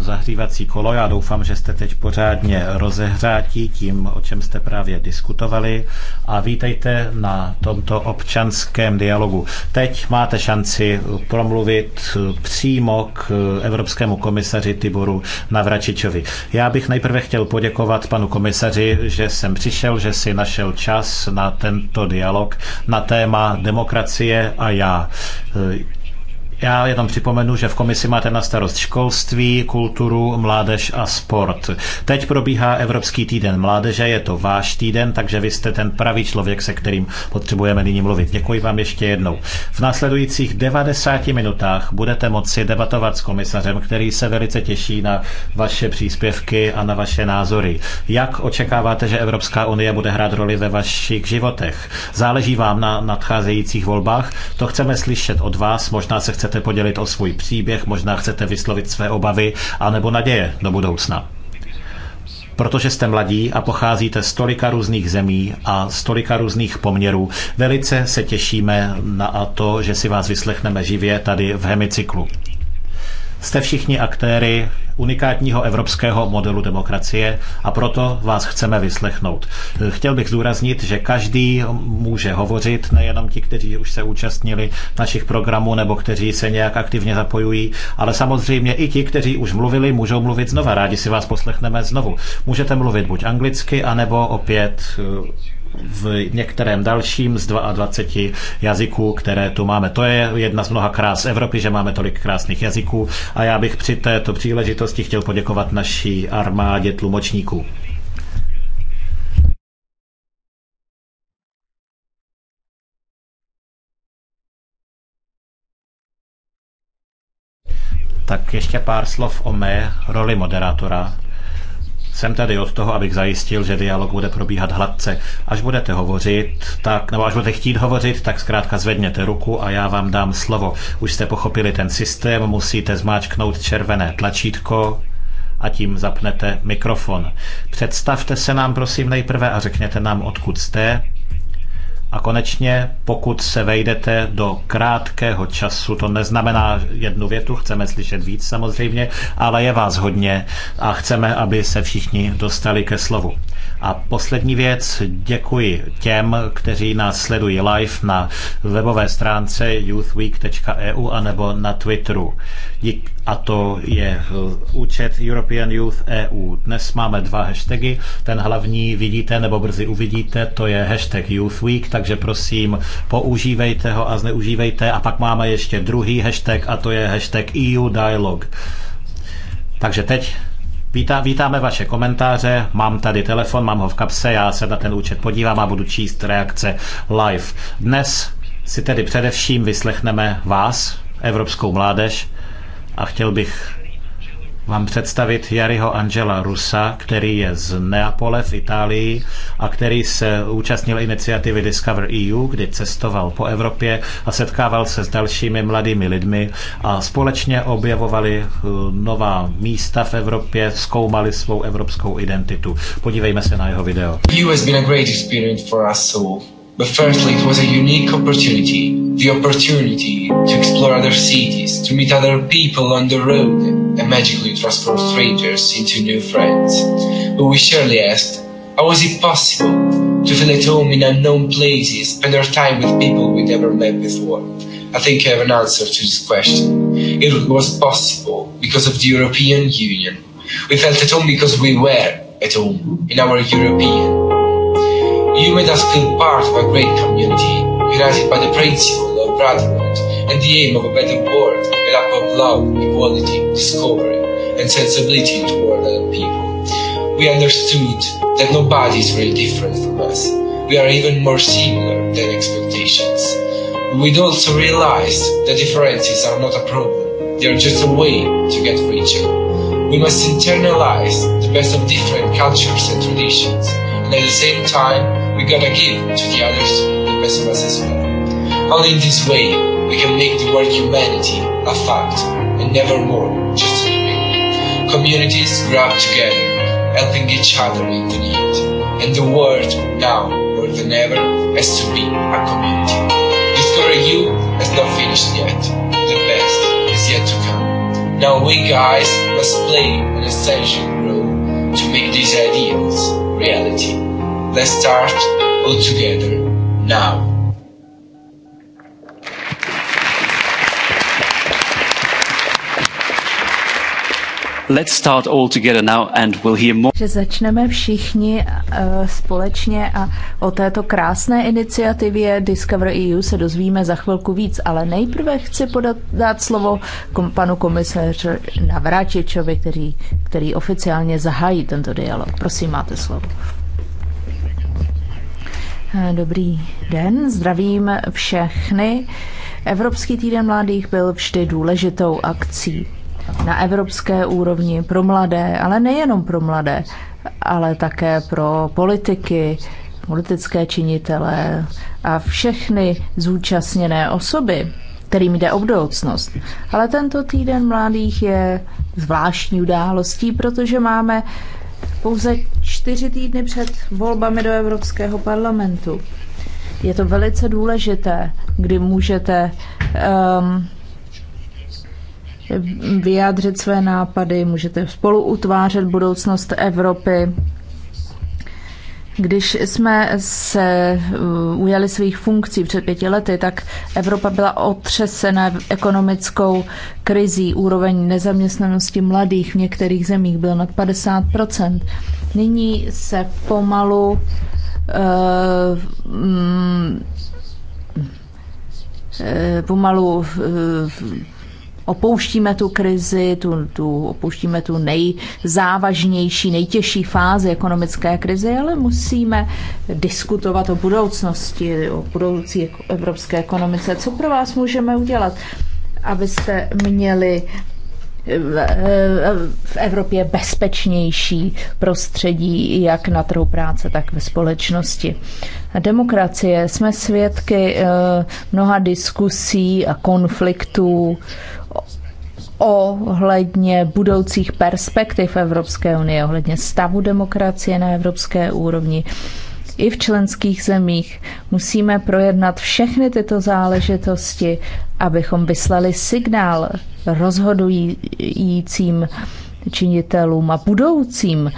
zahřívací kolo. Já doufám, že jste teď pořádně rozehřátí tím, o čem jste právě diskutovali. A vítejte na tomto občanském dialogu. Teď máte šanci promluvit přímo k Evropskému komisaři Tiboru Navračičovi. Já bych nejprve chtěl poděkovat panu komisaři, že jsem přišel, že si našel čas na tento dialog na téma demokracie a já. Já jenom připomenu, že v komisi máte na starost školství, kulturu, mládež a sport. Teď probíhá Evropský týden mládeže, je to váš týden, takže vy jste ten pravý člověk, se kterým potřebujeme nyní mluvit. Děkuji vám ještě jednou. V následujících 90 minutách budete moci debatovat s komisařem, který se velice těší na vaše příspěvky a na vaše názory. Jak očekáváte, že Evropská unie bude hrát roli ve vašich životech? Záleží vám na nadcházejících volbách? To chceme slyšet od vás, možná se chcete chcete podělit o svůj příběh, možná chcete vyslovit své obavy anebo naděje do budoucna. Protože jste mladí a pocházíte z tolika různých zemí a z tolika různých poměrů, velice se těšíme na to, že si vás vyslechneme živě tady v hemicyklu. Jste všichni aktéry unikátního evropského modelu demokracie a proto vás chceme vyslechnout. Chtěl bych zdůraznit, že každý může hovořit, nejenom ti, kteří už se účastnili našich programů nebo kteří se nějak aktivně zapojují, ale samozřejmě i ti, kteří už mluvili, můžou mluvit znova. Rádi si vás poslechneme znovu. Můžete mluvit buď anglicky, anebo opět eh, v některém dalším z 22 jazyků, které tu máme. To je jedna z mnoha krás Evropy, že máme tolik krásných jazyků a já bych při této příležitosti chtěl poděkovat naší armádě tlumočníků. Tak ještě pár slov o mé roli moderátora. Jsem tady od toho, abych zajistil, že dialog bude probíhat hladce. Až budete hovořit, tak, nebo až budete chtít hovořit, tak zkrátka zvedněte ruku a já vám dám slovo. Už jste pochopili ten systém, musíte zmáčknout červené tlačítko a tím zapnete mikrofon. Představte se nám prosím nejprve a řekněte nám, odkud jste, a konečně, pokud se vejdete do krátkého času, to neznamená jednu větu, chceme slyšet víc samozřejmě, ale je vás hodně a chceme, aby se všichni dostali ke slovu. A poslední věc, děkuji těm, kteří nás sledují live na webové stránce youthweek.eu a nebo na Twitteru. Dík, a to je eh, účet European Youth EU. Dnes máme dva hashtagy. Ten hlavní vidíte nebo brzy uvidíte, to je hashtag Youth Week, tak takže prosím, používejte ho a zneužívejte. A pak máme ještě druhý hashtag a to je hashtag EU Dialog. Takže teď Vítá, vítáme vaše komentáře, mám tady telefon, mám ho v kapse, já se na ten účet podívám a budu číst reakce live. Dnes si tedy především vyslechneme vás, Evropskou mládež, a chtěl bych vám představit Jariho Angela Rusa, který je z Neapole v Itálii a který se účastnil iniciativy Discover EU, kdy cestoval po Evropě a setkával se s dalšími mladými lidmi a společně objevovali eh, nová místa v Evropě, zkoumali svou evropskou identitu. Podívejme se na jeho video. EU has been a great experience for us all. But firstly, it was a unique opportunity the opportunity to explore other cities, to meet other people on the road, and magically transform strangers into new friends. But we surely asked, how was it possible to feel at home in unknown places, spend our time with people we never met before? I think I have an answer to this question. It was possible because of the European Union. We felt at home because we were at home in our European You made us feel part of a great community, united by the principle of brotherhood and the aim of a better world made up of love, equality, discovery, and sensibility toward other people. We understood that nobody is really different from us. We are even more similar than expectations. We'd also realized that differences are not a problem, they are just a way to get richer. We must internalize the best of different cultures and traditions and at the same time, we're gonna give to the others the best of us as well. Only in this way, we can make the word humanity a fact and never more just a dream. Communities grow up together, helping each other in the need. And the world now more than ever has to be a community. Discover you has not finished yet. The best is yet to come. Now we guys must play an essential role to make these ideals reality. Let's start all together now. Let's start all together now and we'll hear more. Že začneme všichni uh, společně a o této krásné iniciativě Discover EU se dozvíme za chvilku víc, ale nejprve chci podat, dát slovo kom, panu komisaři Navráčičovi, který, který oficiálně zahájí tento dialog. Prosím, máte slovo. Eh, dobrý den, zdravím všechny. Evropský týden mladých byl vždy důležitou akcí na evropské úrovni pro mladé, ale nejenom pro mladé, ale také pro politiky, politické činitele a všechny zúčastněné osoby, kterým jde o budoucnost. Ale tento týden mladých je zvláštní událostí, protože máme pouze čtyři týdny před volbami do Evropského parlamentu. Je to velice důležité, kdy můžete um, vyjádřit své nápady, můžete spolu utvářet budoucnost Evropy. Když jsme se uh, ujali svých funkcí před pěti lety, tak Evropa byla otřesena ekonomickou krizí. Úroveň nezaměstnanosti mladých v některých zemích byl nad 50 Nyní se pomalu uh, um, pomalu uh, opouštíme tu krizi, tu, tu, opouštíme tu nejzávažnější, nejtěžší fázi ekonomické krize, ale musíme diskutovat o budoucnosti, o budoucí evropské ekonomice. Co pro vás můžeme udělat, abyste měli eh, v Evropě bezpečnější prostředí, jak na trhu práce, tak ve společnosti. Demokracie. Jsme svědky eh, mnoha diskusí a konfliktů ohledně budoucích perspektiv Evropské unie, ohledně stavu demokracie na evropské úrovni i v členských zemích. Musíme projednat všechny tyto záležitosti, abychom vyslali signál rozhodujícím činitelům a budoucím e,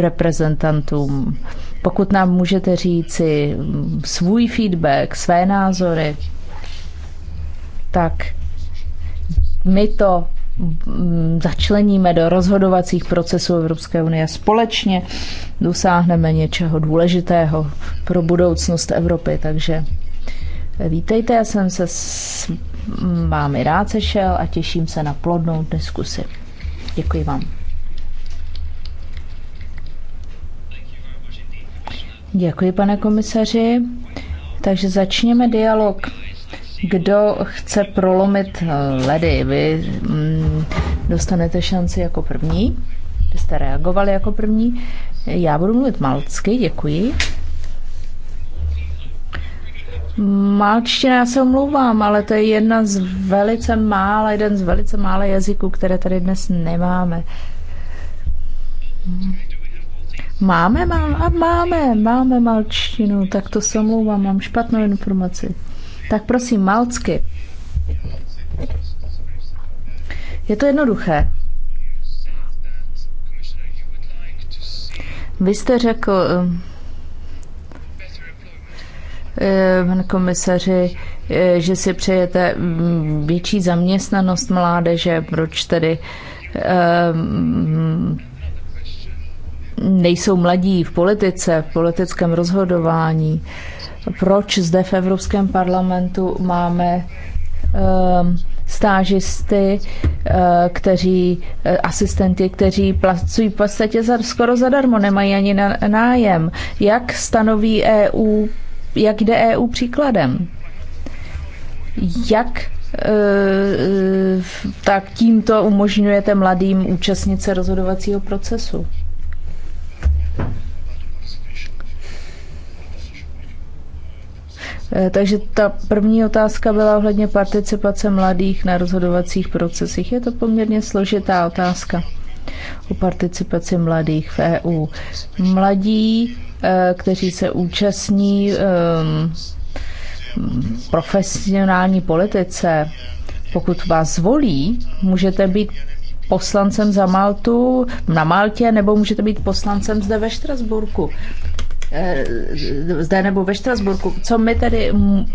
reprezentantům. Pokud nám můžete říci mm, svůj feedback, své názory, tak my to mm, začleníme do rozhodovacích procesů Evropské unie společně, dosáhneme něčeho důležitého pro budoucnost Evropy. Takže eh, vítejte, já jsem se s mm, vámi rád sešel a těším se na plodnou diskusi. Děkuji vám. Děkuji, pane komisaři. Takže začněme dialog. Kdo chce prolomit eh, ledy, vy mm, dostanete šanci jako první. Vy jste reagovali jako první. Já budu mluvit malcky, děkuji. Malčtina, já se omlouvám, ale to je jedna z velice mála, jeden z velice mála jazyků, které tady dnes nemáme. Máme, má, máme, máme malčtinu, tak to se omlouvám, mám špatnou informaci. Tak prosím, malcky. Je to jednoduché. Vy jste řekl, pane ehm, ehm, komisaři, eh, že si přejete mm, větší zaměstnanost mládeže, proč tedy ehm, nejsou mladí v politice, v politickém rozhodování. Uh, proč zde v Evropském parlamentu máme ehm, stážisty, eh, kteří, eh, asistenti, kteří pracují v podstatě za, skoro zadarmo, nemají ani na, nájem. Jak stanoví EU, jak jde EU příkladem? Jak eh, tak tímto umožňujete mladým účastnit se rozhodovacího procesu? Eh, takže ta první otázka byla ohledně participace mladých na rozhodovacích procesech. Je to poměrně složitá otázka o participaci mladých v EU. Mladí, eh, kteří se účastní ehm, profesionální politice, pokud vás zvolí, můžete být poslancem za Maltu na Maltě nebo můžete být poslancem zde ve Štrasburku. Eh, zde nebo ve Štrasburku. Co my tedy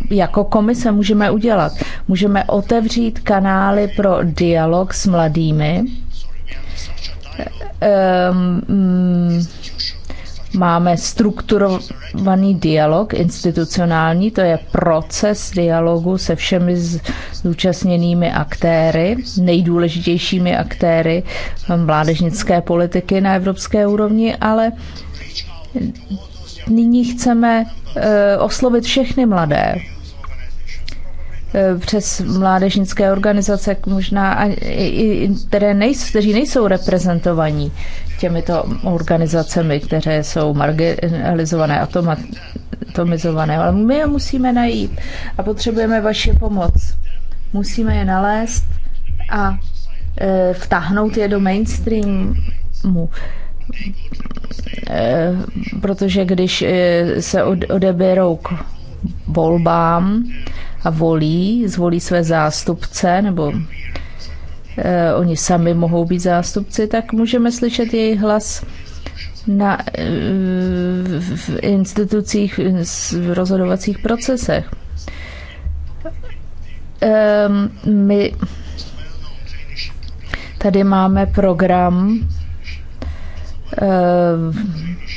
jako komise můžeme udělat? Můžeme otevřít kanály pro dialog s mladými. Eh, mm, máme strukturovaný dialog institucionální, to je proces dialogu se všemi zúčastněnými aktéry, nejdůležitějšími aktéry mládežnické politiky na evropské úrovni, ale Nyní chceme eh, oslovit všechny mladé eh, přes mládežnické organizace, možná i, které nejsou, kteří nejsou reprezentovaní těmito organizacemi, které jsou marginalizované, atomizované, ale my je musíme najít a potřebujeme vaši pomoc. Musíme je nalézt a e, vtáhnout je do mainstreamu. Eh, protože když eh, se odeberou k volbám a volí, zvolí své zástupce nebo eh, oni sami mohou být zástupci, tak můžeme slyšet jejich hlas na, v institucích, v rozhodovacích procesech. Ehm, my tady máme program Eh,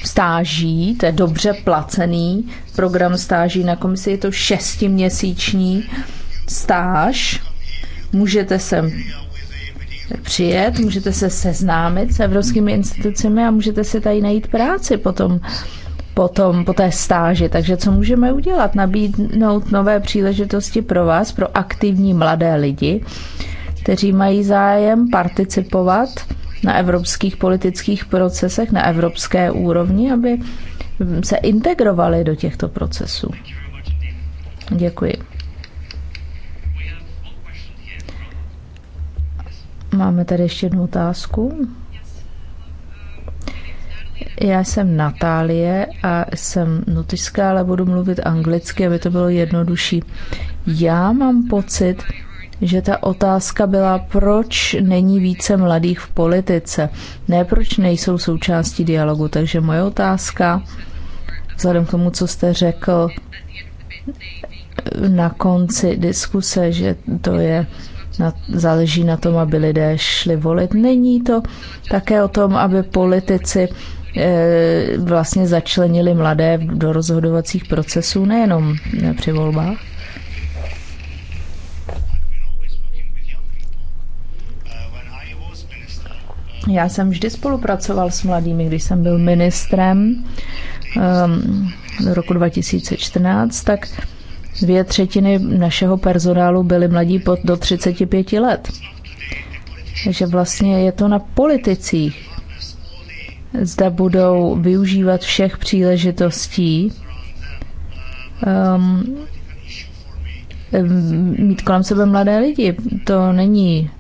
stáží, to je dobře placený program stáží na komisi, je to šestiměsíční stáž. Můžete se přijet, můžete se seznámit s evropskými institucemi a můžete si tady najít práci potom, potom po té stáži. Takže co můžeme udělat? Nabídnout nové příležitosti pro vás, pro aktivní mladé lidi, kteří mají zájem participovat na evropských politických procesech na evropské úrovni, aby se integrovali do těchto procesů. Děkuji. Máme tady ještě jednu otázku. Já jsem Natálie a jsem nutyšská, ale budu mluvit anglicky, aby to bylo jednodušší. Já mám pocit, že ta otázka byla, proč není více mladých v politice, ne proč nejsou součástí dialogu. Takže moje otázka, vzhledem k tomu, co jste řekl na konci diskuse, že to je na, záleží na tom, aby lidé šli volit. Není to také o tom, aby politici e, vlastně začlenili mladé do rozhodovacích procesů, nejenom při volbách? Já jsem vždy spolupracoval s mladými, když jsem byl ministrem um, roku 2014, tak dvě třetiny našeho personálu byly mladí pod do 35 let. Takže vlastně je to na politicích, zda budou využívat všech příležitostí, um, mít kolem sebe mladé lidi. To není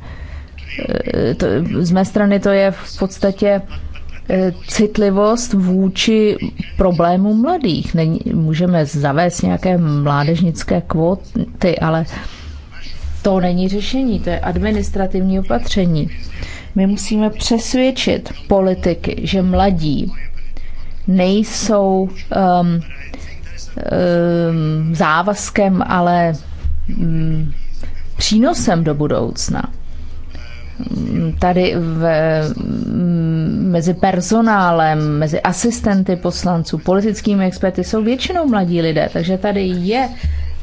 Eh, to, z mé strany to je v podstatě eh, citlivost vůči problému mladých. Není, můžeme zavést nějaké mládežnické kvóty, ale to není řešení, to je administrativní opatření. My musíme přesvědčit politiky, že mladí nejsou um, um, závazkem, ale um, přínosem do budoucna tady v, mezi personálem, mezi asistenty poslanců, politickými experty jsou většinou mladí lidé, takže tady je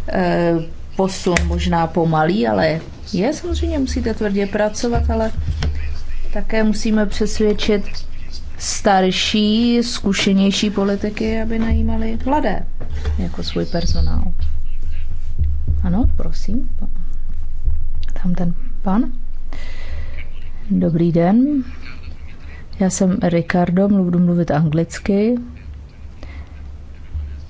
e, posun možná pomalý, ale je samozřejmě, musíte tvrdě pracovat, ale také musíme přesvědčit starší, zkušenější politiky, aby najímali mladé jako svůj personál. Ano, prosím. Tam ten pan. Dobrý den. Já jsem Ricardo, budu mluvit anglicky.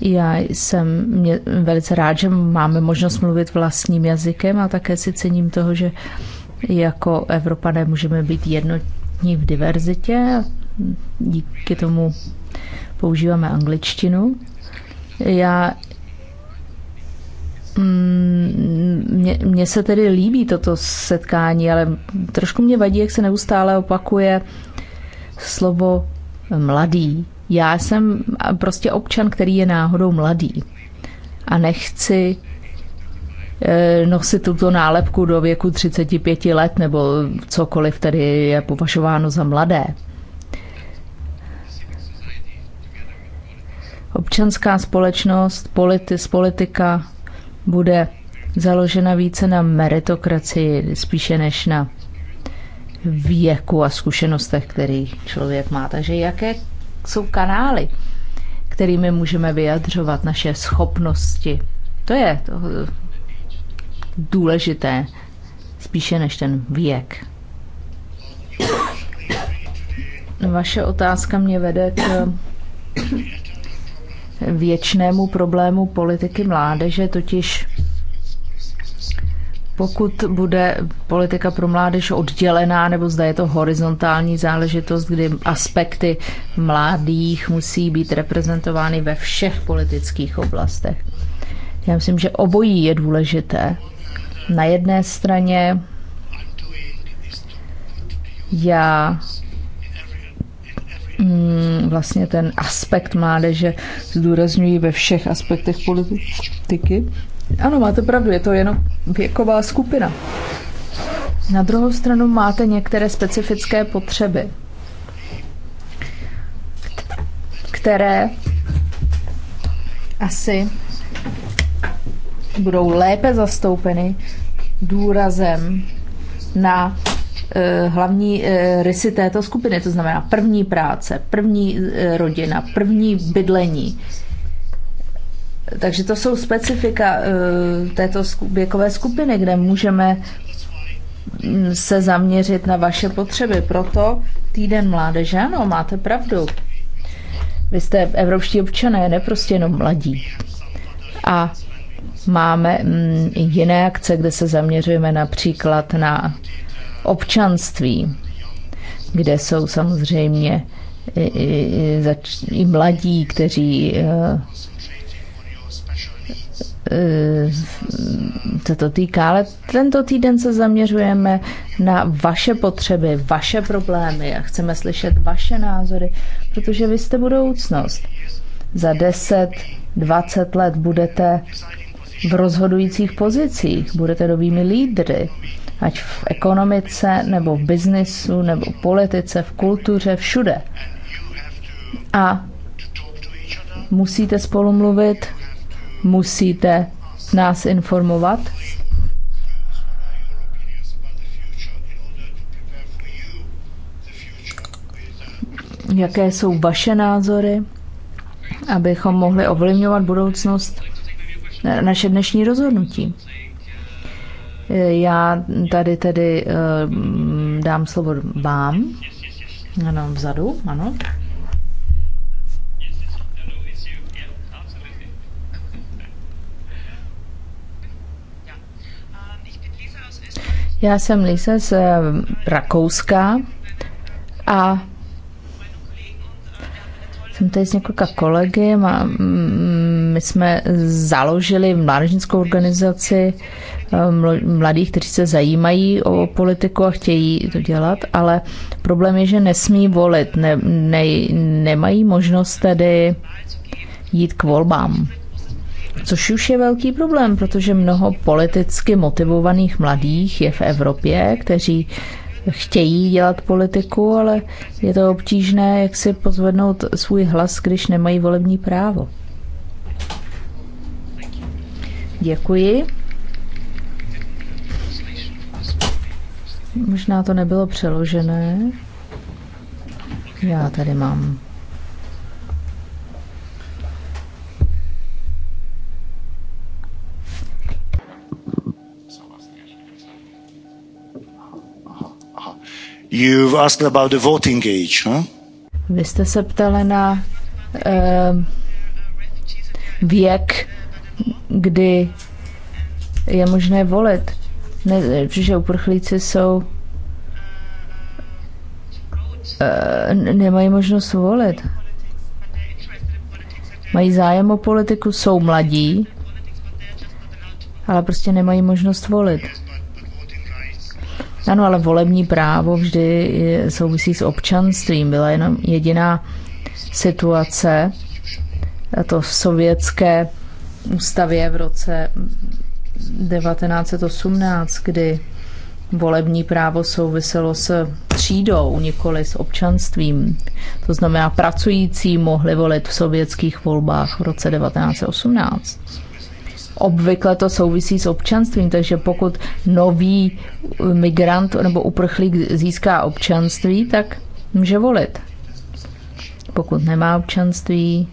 Já jsem mě, velice rád, že máme možnost mluvit vlastním jazykem a také si cením toho, že jako Evropané můžeme být jednotní v diverzitě. Díky tomu používáme angličtinu. Já Mm, mně se tedy líbí toto setkání, ale trošku mě vadí, jak se neustále opakuje slovo mladý. Já jsem prostě občan, který je náhodou mladý a nechci eh, nosit tuto nálepku do věku 35 let nebo cokoliv tedy je považováno za mladé. Občanská společnost, politi, politika, bude založena více na meritokracii spíše než na věku a zkušenostech, který člověk má. Takže jaké jsou kanály, kterými můžeme vyjadřovat naše schopnosti? To je to důležité, spíše než ten věk. Vaše otázka mě vede k věčnému problému politiky mládeže, totiž pokud bude politika pro mládež oddělená, nebo zda je to horizontální záležitost, kdy aspekty mladých musí být reprezentovány ve všech politických oblastech. Já myslím, že obojí je důležité. Na jedné straně já Mm, vlastně ten aspekt mládeže zdůrazňují ve všech aspektech politiky. Ano, máte pravdu, je to jenom věková skupina. Na druhou stranu máte některé specifické potřeby, které asi budou lépe zastoupeny důrazem na Eh, hlavní eh, rysy této skupiny, to znamená první práce, první eh, rodina, první bydlení. Takže to jsou specifika této věkové skupiny, kde můžeme mm, se zaměřit na vaše potřeby. Proto týden mládeže, ano, máte pravdu. Vy jste evropští občané, ne prostě jenom mladí. A máme mm, jiné akce, kde se zaměřujeme například na občanství, kde jsou samozřejmě i, i, i mladí, kteří eh, eh, se to týká, ale tento týden se zaměřujeme na vaše potřeby, vaše problémy a chceme slyšet vaše názory, protože vy jste budoucnost. Za 10, 20 let budete v rozhodujících pozicích, budete novými lídry ať v ekonomice, nebo v biznisu, nebo v politice, v kultuře, všude. A musíte spolu mluvit, musíte nás informovat. Jaké jsou vaše názory, abychom mohli ovlivňovat budoucnost naše dnešní rozhodnutí. Já tady tedy eh, dám slovo vám. Ano, vzadu, ano. Já jsem Lisa z eh, Rakouska a tady s několika kolegy. a my jsme založili mládežnickou organizaci eh, mladých, kteří se zajímají o politiku a chtějí to dělat, ale problém je, že nesmí volit, ne, ne, nemají možnost tedy jít k volbám. Což už je velký problém, protože mnoho politicky motivovaných mladých je v Evropě, kteří chtějí dělat politiku, ale je to obtížné, jak si pozvednout svůj hlas, když nemají volební právo. Děkuji. Možná to nebylo přeložené. Já tady mám You've asked about the voting age, huh? Vy jste se ptali na uh, věk, kdy je možné volit. Ne, že uprchlíci jsou uh, nemají možnost volit. Mají zájem o politiku, jsou mladí, ale prostě nemají možnost volit. Ano, ale volební právo vždy souvisí s občanstvím. Byla jenom jediná situace, a to v sovětské ústavě v roce 1918, kdy volební právo souviselo s třídou, nikoli s občanstvím. To znamená, pracující mohli volit v sovětských volbách v roce 1918 obvykle to souvisí s občanstvím, takže pokud nový uh, migrant nebo uprchlík získá občanství, tak může volit. Pokud nemá občanství,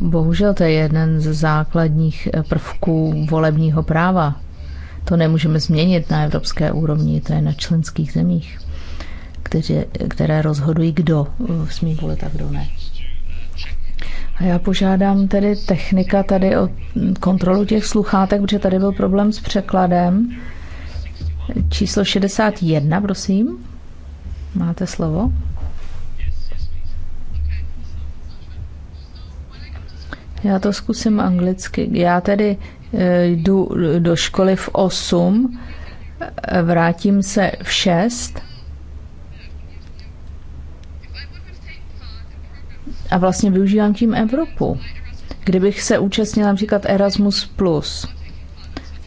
bohužel to je jeden z základních eh, prvků volebního práva. To nemůžeme změnit na evropské úrovni, to je na členských zemích, které, které rozhodují, kdo eh, smí volit a kdo ne. A Já požádám tedy technika tady o kontrolu těch sluchátek, protože tady byl problém s překladem. Číslo 61, prosím. Máte slovo. Já to zkusím anglicky. Já tedy eh, jdu do školy v 8, eh, vrátím se v 6 a vlastně využívám tím Evropu. Kdybych se účastnila například Erasmus+,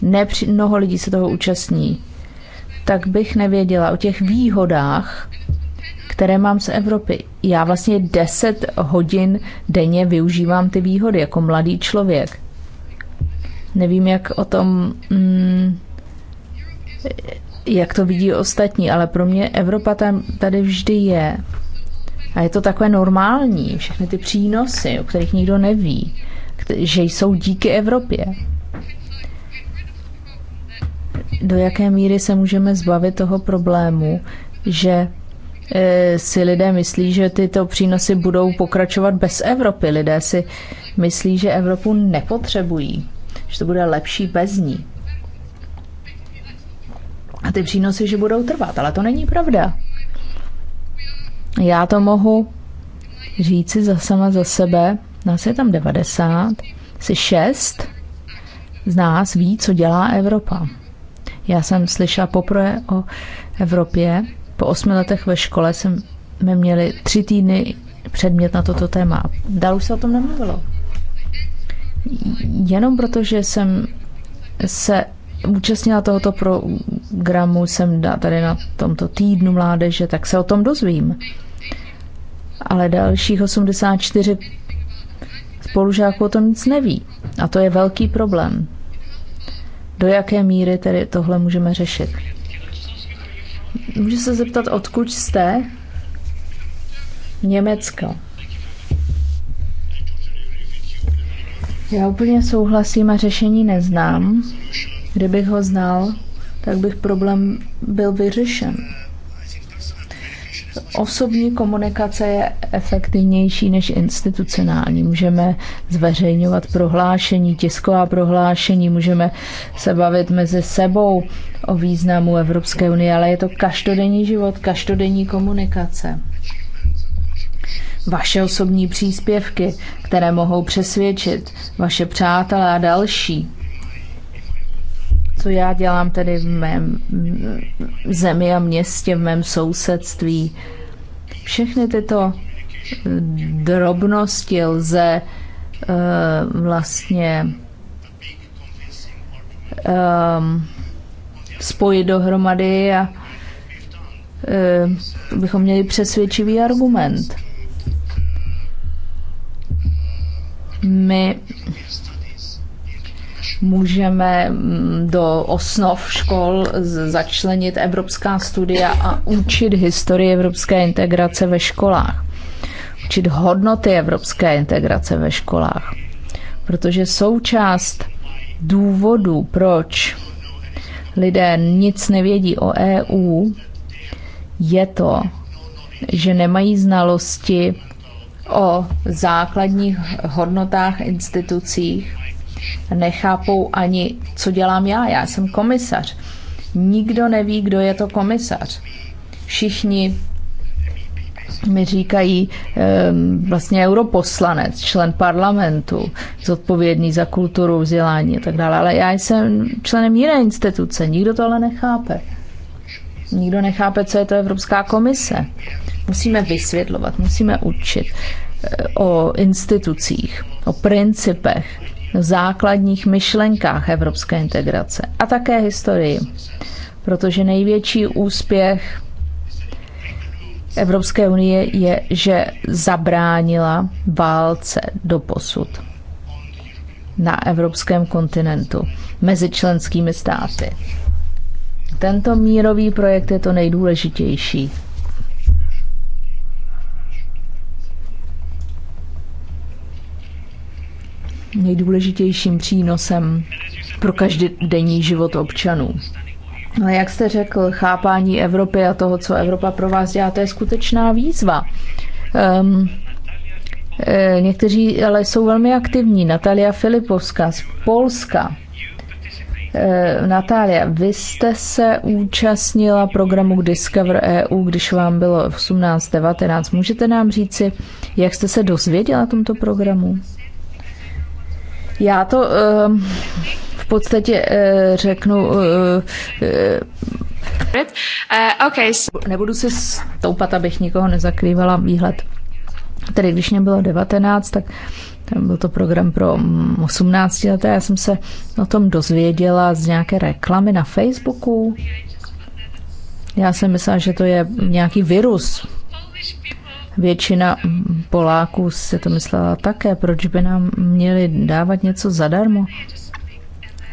ne mnoho lidí se toho účastní, tak bych nevěděla o těch výhodách, které mám z Evropy. Já vlastně 10 hodin denně využívám ty výhody jako mladý člověk. Nevím, jak o tom, mm, jak to vidí ostatní, ale pro mě Evropa tam, tady vždy je. A je to takové normální, všechny ty přínosy, o kterých nikdo neví, že jsou díky Evropě. Do jaké míry se můžeme zbavit toho problému, že e, si lidé myslí, že tyto přínosy budou pokračovat bez Evropy. Lidé si myslí, že Evropu nepotřebují, že to bude lepší bez ní. A ty přínosy, že budou trvat, ale to není pravda. Já to mohu říci za sama za sebe. Nás je tam 90, si 6 z nás ví, co dělá Evropa. Já jsem slyšela poprvé o Evropě. Po osmi letech ve škole jsme měli tři týdny předmět na toto téma. Dál už se o tom nemluvilo. Jenom protože jsem se účastnila tohoto programu, jsem tady na tomto týdnu mládeže, tak se o tom dozvím. Ale dalších 84 spolužáků o tom nic neví. A to je velký problém. Do jaké míry tedy tohle můžeme řešit? Můžu se zeptat, odkud jste? Německo. Já úplně souhlasím a řešení neznám. Kdybych ho znal, tak bych problém byl vyřešen. Osobní komunikace je efektivnější než institucionální. Můžeme zveřejňovat prohlášení, tisková prohlášení, můžeme se bavit mezi sebou o významu Evropské unie, ale je to každodenní život, každodenní komunikace. Vaše osobní příspěvky, které mohou přesvědčit vaše přátelé a další co já dělám tedy v mém zemi a městě, v mém sousedství. Všechny tyto drobnosti lze uh, vlastně um, spojit dohromady a uh, bychom měli přesvědčivý argument. My můžeme mm, do osnov škol začlenit evropská studia a učit historii evropské integrace ve školách. Učit hodnoty evropské integrace ve školách. Protože součást důvodu, proč lidé nic nevědí o EU, je to, že nemají znalosti o základních hodnotách institucích nechápou ani, co dělám já. Já jsem komisař. Nikdo neví, kdo je to komisař. Všichni mi říkají ehm, vlastně europoslanec, člen parlamentu, zodpovědný za kulturu, vzdělání a tak dále. Ale já jsem členem jiné instituce, nikdo to ale nechápe. Nikdo nechápe, co je to Evropská komise. Musíme vysvětlovat, musíme učit eh, o institucích, o principech, základních myšlenkách evropské integrace a také historii, protože největší úspěch Evropské unie je, že zabránila válce do posud na evropském kontinentu mezi členskými státy. Tento mírový projekt je to nejdůležitější nejdůležitějším přínosem pro každodenní život občanů. No ale jak jste řekl, chápání Evropy a toho, co Evropa pro vás dělá, to je skutečná výzva. Um, někteří ale jsou velmi aktivní. Natalia Filipovská z Polska. Eh, Natalia, vy jste se účastnila programu Discover EU, když vám bylo 18-19. Můžete nám říci, jak jste se dozvěděla o tomto programu? Já to ehm, v podstatě eh, řeknu Uh, okay. Nebudu se stoupat, abych nikoho nezakrývala výhled. Tedy když mě bylo 19, tak tam byl to program pro 18 mm, leté. Já jsem se o tom dozvěděla z nějaké reklamy na Facebooku. Já jsem myslela, že to je nějaký virus. Většina Poláků se to myslela také, proč by nám měli dávat něco zadarmo.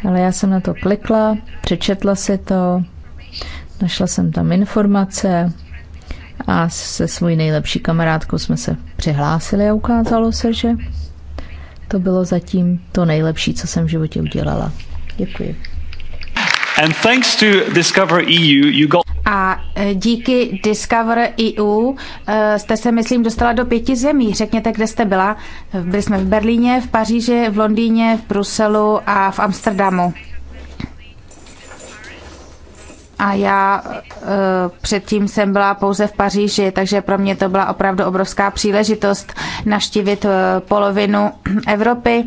Ale já jsem na to klikla, přečetla si to, našla jsem tam informace a se svojí nejlepší kamarádkou jsme se přihlásili a ukázalo se, že to bylo zatím to nejlepší, co jsem v životě udělala. Děkuji. And thanks to Discover EU, you got... A e, díky Discover EU e, jste se, myslím, dostala do pěti zemí. Řekněte, kde jste byla. Byli jsme v Berlíně, v Paříži, v Londýně, v Bruselu a v Amsterdamu. A já e, předtím jsem byla pouze v Paříži, takže pro mě to byla opravdu obrovská příležitost naštívit polovinu Evropy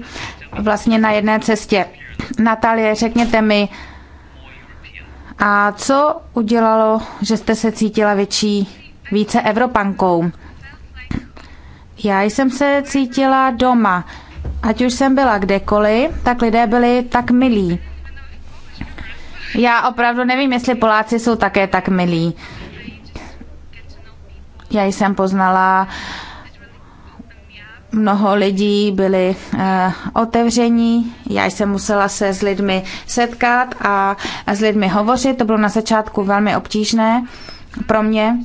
vlastně na jedné cestě. Natalie, řekněte mi, a co udělalo, že jste se cítila větší, více Evropankou? Já jsem se cítila doma. Ať už jsem byla kdekoliv, tak lidé byli tak milí. Já opravdu nevím, jestli Poláci jsou také tak milí. Já jsem poznala uh, mnoho lidí byli eh, otevření. Já jsem musela se s lidmi setkat a s lidmi hovořit. To bylo na začátku velmi obtížné pro mě.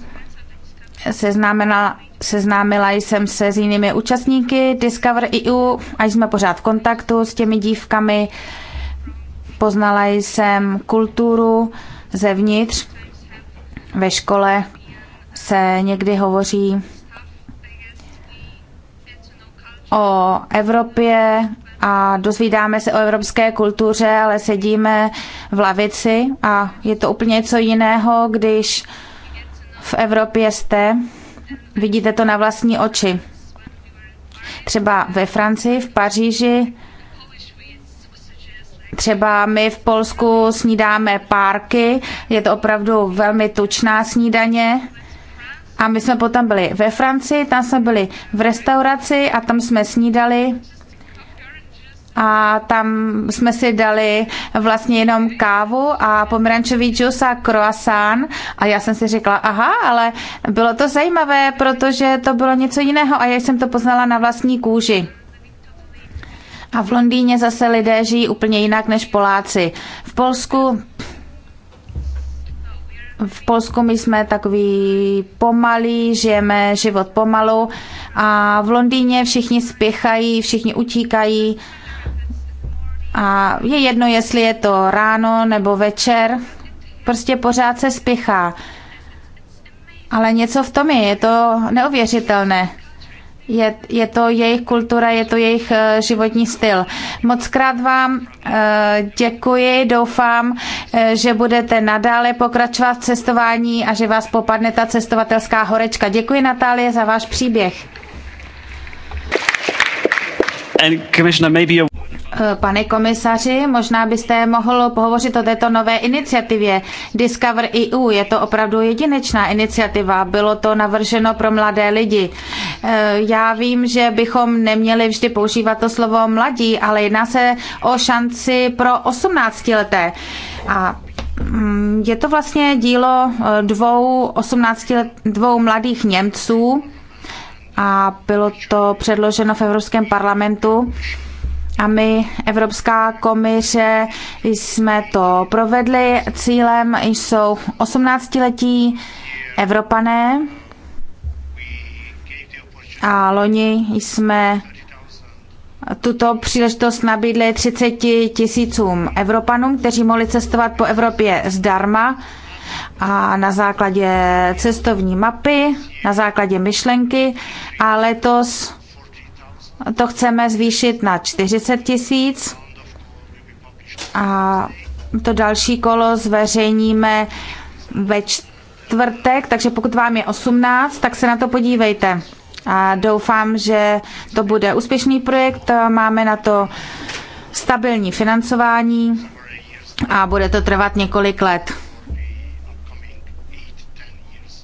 Seznámila, seznámila jsem se s jinými účastníky Discover EU a jsme pořád v kontaktu s těmi dívkami. Poznala jsem kulturu zevnitř. Ve škole se někdy hovoří o Evropě a dozvídáme se o evropské kultuře, ale sedíme v lavici a je to úplně něco jiného, když v Evropě jste, vidíte to na vlastní oči. Třeba ve Francii, v Paříži, Třeba my v Polsku snídáme párky, je to opravdu velmi tučná snídaně a my jsme potom byli ve Francii, tam jsme byli v restauraci a tam jsme snídali a tam jsme si dali vlastně jenom kávu a pomerančový džus a croissant a já jsem si říkala, aha, ale bylo to zajímavé, protože to bylo něco jiného a já jsem to poznala na vlastní kůži. A v Londýně zase lidé žijí úplně jinak než Poláci. V Polsku v Polsku my jsme takový pomalí, žijeme život pomalu a v Londýně všichni spěchají, všichni utíkají a je jedno, jestli je to ráno nebo večer, prostě pořád se spěchá. Ale něco v tom je, je to neuvěřitelné. Je, je to jejich kultura, je to jejich eh, životní styl. Moc krát vám eh, děkuji, doufám, eh, že budete nadále pokračovat v cestování a že vás popadne ta cestovatelská horečka. Děkuji Natálie za váš příběh. And, maybe Eh, pane komisaři, možná byste mohl pohovořit o této nové iniciativě Discover EU. Je to opravdu jedinečná iniciativa. Bylo to navrženo pro mladé lidi. Eh, já vím, že bychom neměli vždy používat to slovo mladí, ale jedná se o šanci pro 18 leté. A mm, je to vlastně dílo eh, dvou, 18 let, dvou mladých Němců a bylo to předloženo v Evropském parlamentu a my, Evropská komise, jsme to provedli. Cílem jsou 18-letí Evropané. A loni jsme tuto příležitost nabídli 30 tisícům Evropanům, kteří mohli cestovat po Evropě zdarma a na základě cestovní mapy, na základě myšlenky a letos to chceme zvýšit na 40 tisíc a to další kolo zveřejníme ve čtvrtek, takže pokud vám je 18, tak se na to podívejte. A doufám, že to bude úspěšný projekt, máme na to stabilní financování a bude to trvat několik let.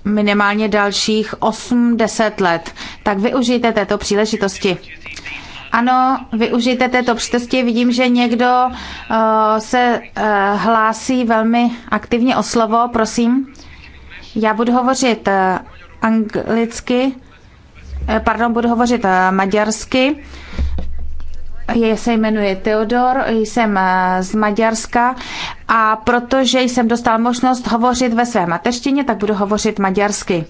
Minimálně dalších 8-10 let. Tak využijte této příležitosti. Ano, využijte této přítosti. Vidím, že někdo uh, se uh, hlásí velmi aktivně o slovo, prosím. Já budu hovořit uh, anglicky, uh, pardon, budu hovořit uh, maďarsky. Je se jmenuje Teodor, jsem z Maďarska a protože jsem dostal možnost hovořit ve své mateřštině, tak budu hovořit maďarsky.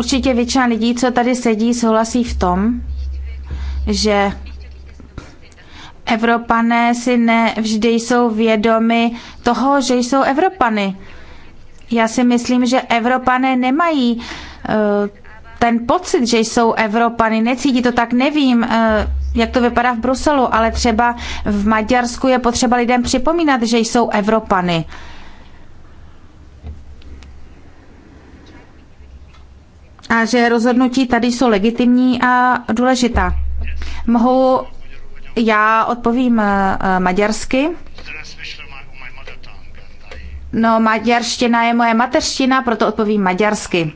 Určitě většina lidí, co tady sedí, souhlasí v tom, že Evropané si nevždy jsou vědomi toho, že jsou Evropany. Já si myslím, že Evropané nemají eh, ten pocit, že jsou Evropany, necítí to tak, nevím, eh, jak to vypadá v Bruselu, ale třeba v Maďarsku je potřeba lidem připomínat, že jsou Evropany. a že rozhodnutí tady jsou legitimní a důležitá. Mohu, já odpovím eh, maďarsky. No, maďarština je moje mateřština, proto odpovím maďarsky.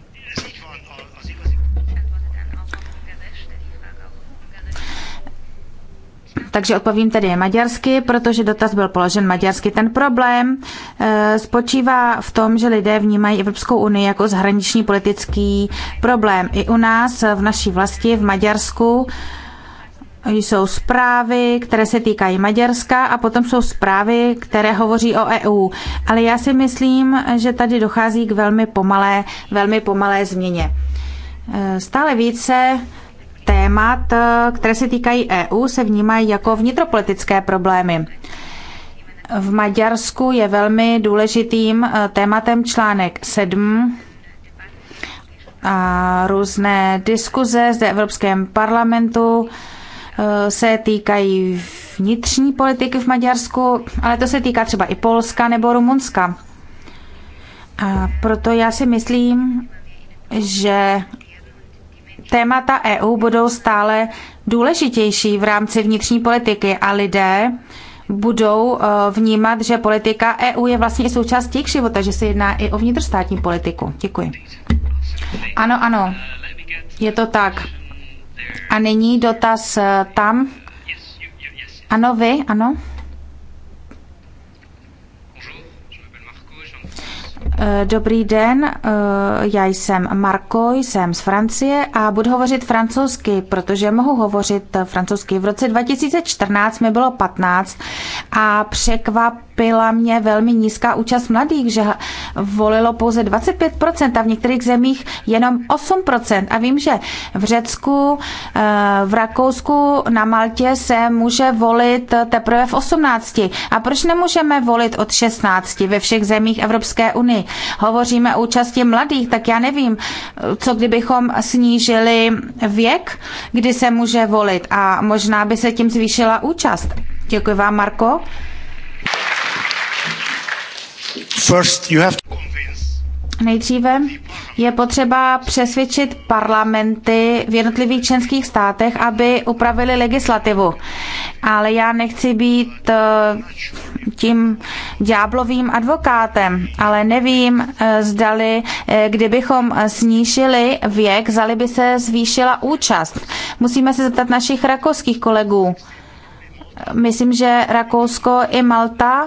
Takže odpovím tedy maďarsky, protože dotaz byl položen maďarsky. Ten problém eh, spočívá v tom, že lidé vnímají Evropskou unii jako zahraniční politický problém. I u nás, eh, v naší vlasti, v Maďarsku, jsou zprávy, které se týkají Maďarska a potom jsou zprávy, které hovoří o EU. Ale já si myslím, že tady dochází k velmi pomalé, velmi pomalé změně. Eh, stále více témat, eh, které se týkají EU, se vnímají jako vnitropolitické problémy. V Maďarsku je velmi důležitým eh, tématem článek 7 a různé diskuze zde v Evropském parlamentu eh, se týkají vnitřní politiky v Maďarsku, ale to se týká třeba i Polska nebo Rumunska. A proto já si myslím, že témata EU budou stále důležitější v rámci vnitřní politiky a lidé budou eh, vnímat, že politika EU je vlastně i součástí jejich života, že se jedná i o vnitrostátní politiku. Děkuji. Ano, ano, je to tak. A nyní dotaz eh, tam. Ano, vy, ano. Eh, dobrý den, eh, já jsem Marko, jsem z Francie a budu hovořit francouzsky, protože mohu hovořit eh, francouzsky. V roce 2014 mi bylo 15 a překvapila mě velmi nízká účast mladých, že volilo pouze 25% a v některých zemích jenom 8%. A vím, že v Řecku, v Rakousku, na Maltě se může volit teprve v 18. A proč nemůžeme volit od 16 ve všech zemích Evropské unie? Hovoříme o účasti mladých, tak já nevím, co kdybychom snížili věk, kdy se může volit a možná by se tím zvýšila účast. Děkuji vám, Marko. First you have to Nejdříve je potřeba přesvědčit parlamenty v jednotlivých členských státech, aby upravili legislativu. Ale já nechci být eh, tím ďáblovým advokátem, ale nevím, eh, zdali, eh, kdybychom snížili věk, zdali by se zvýšila účast. Musíme se zeptat našich rakouských kolegů. Myslím, že Rakousko i Malta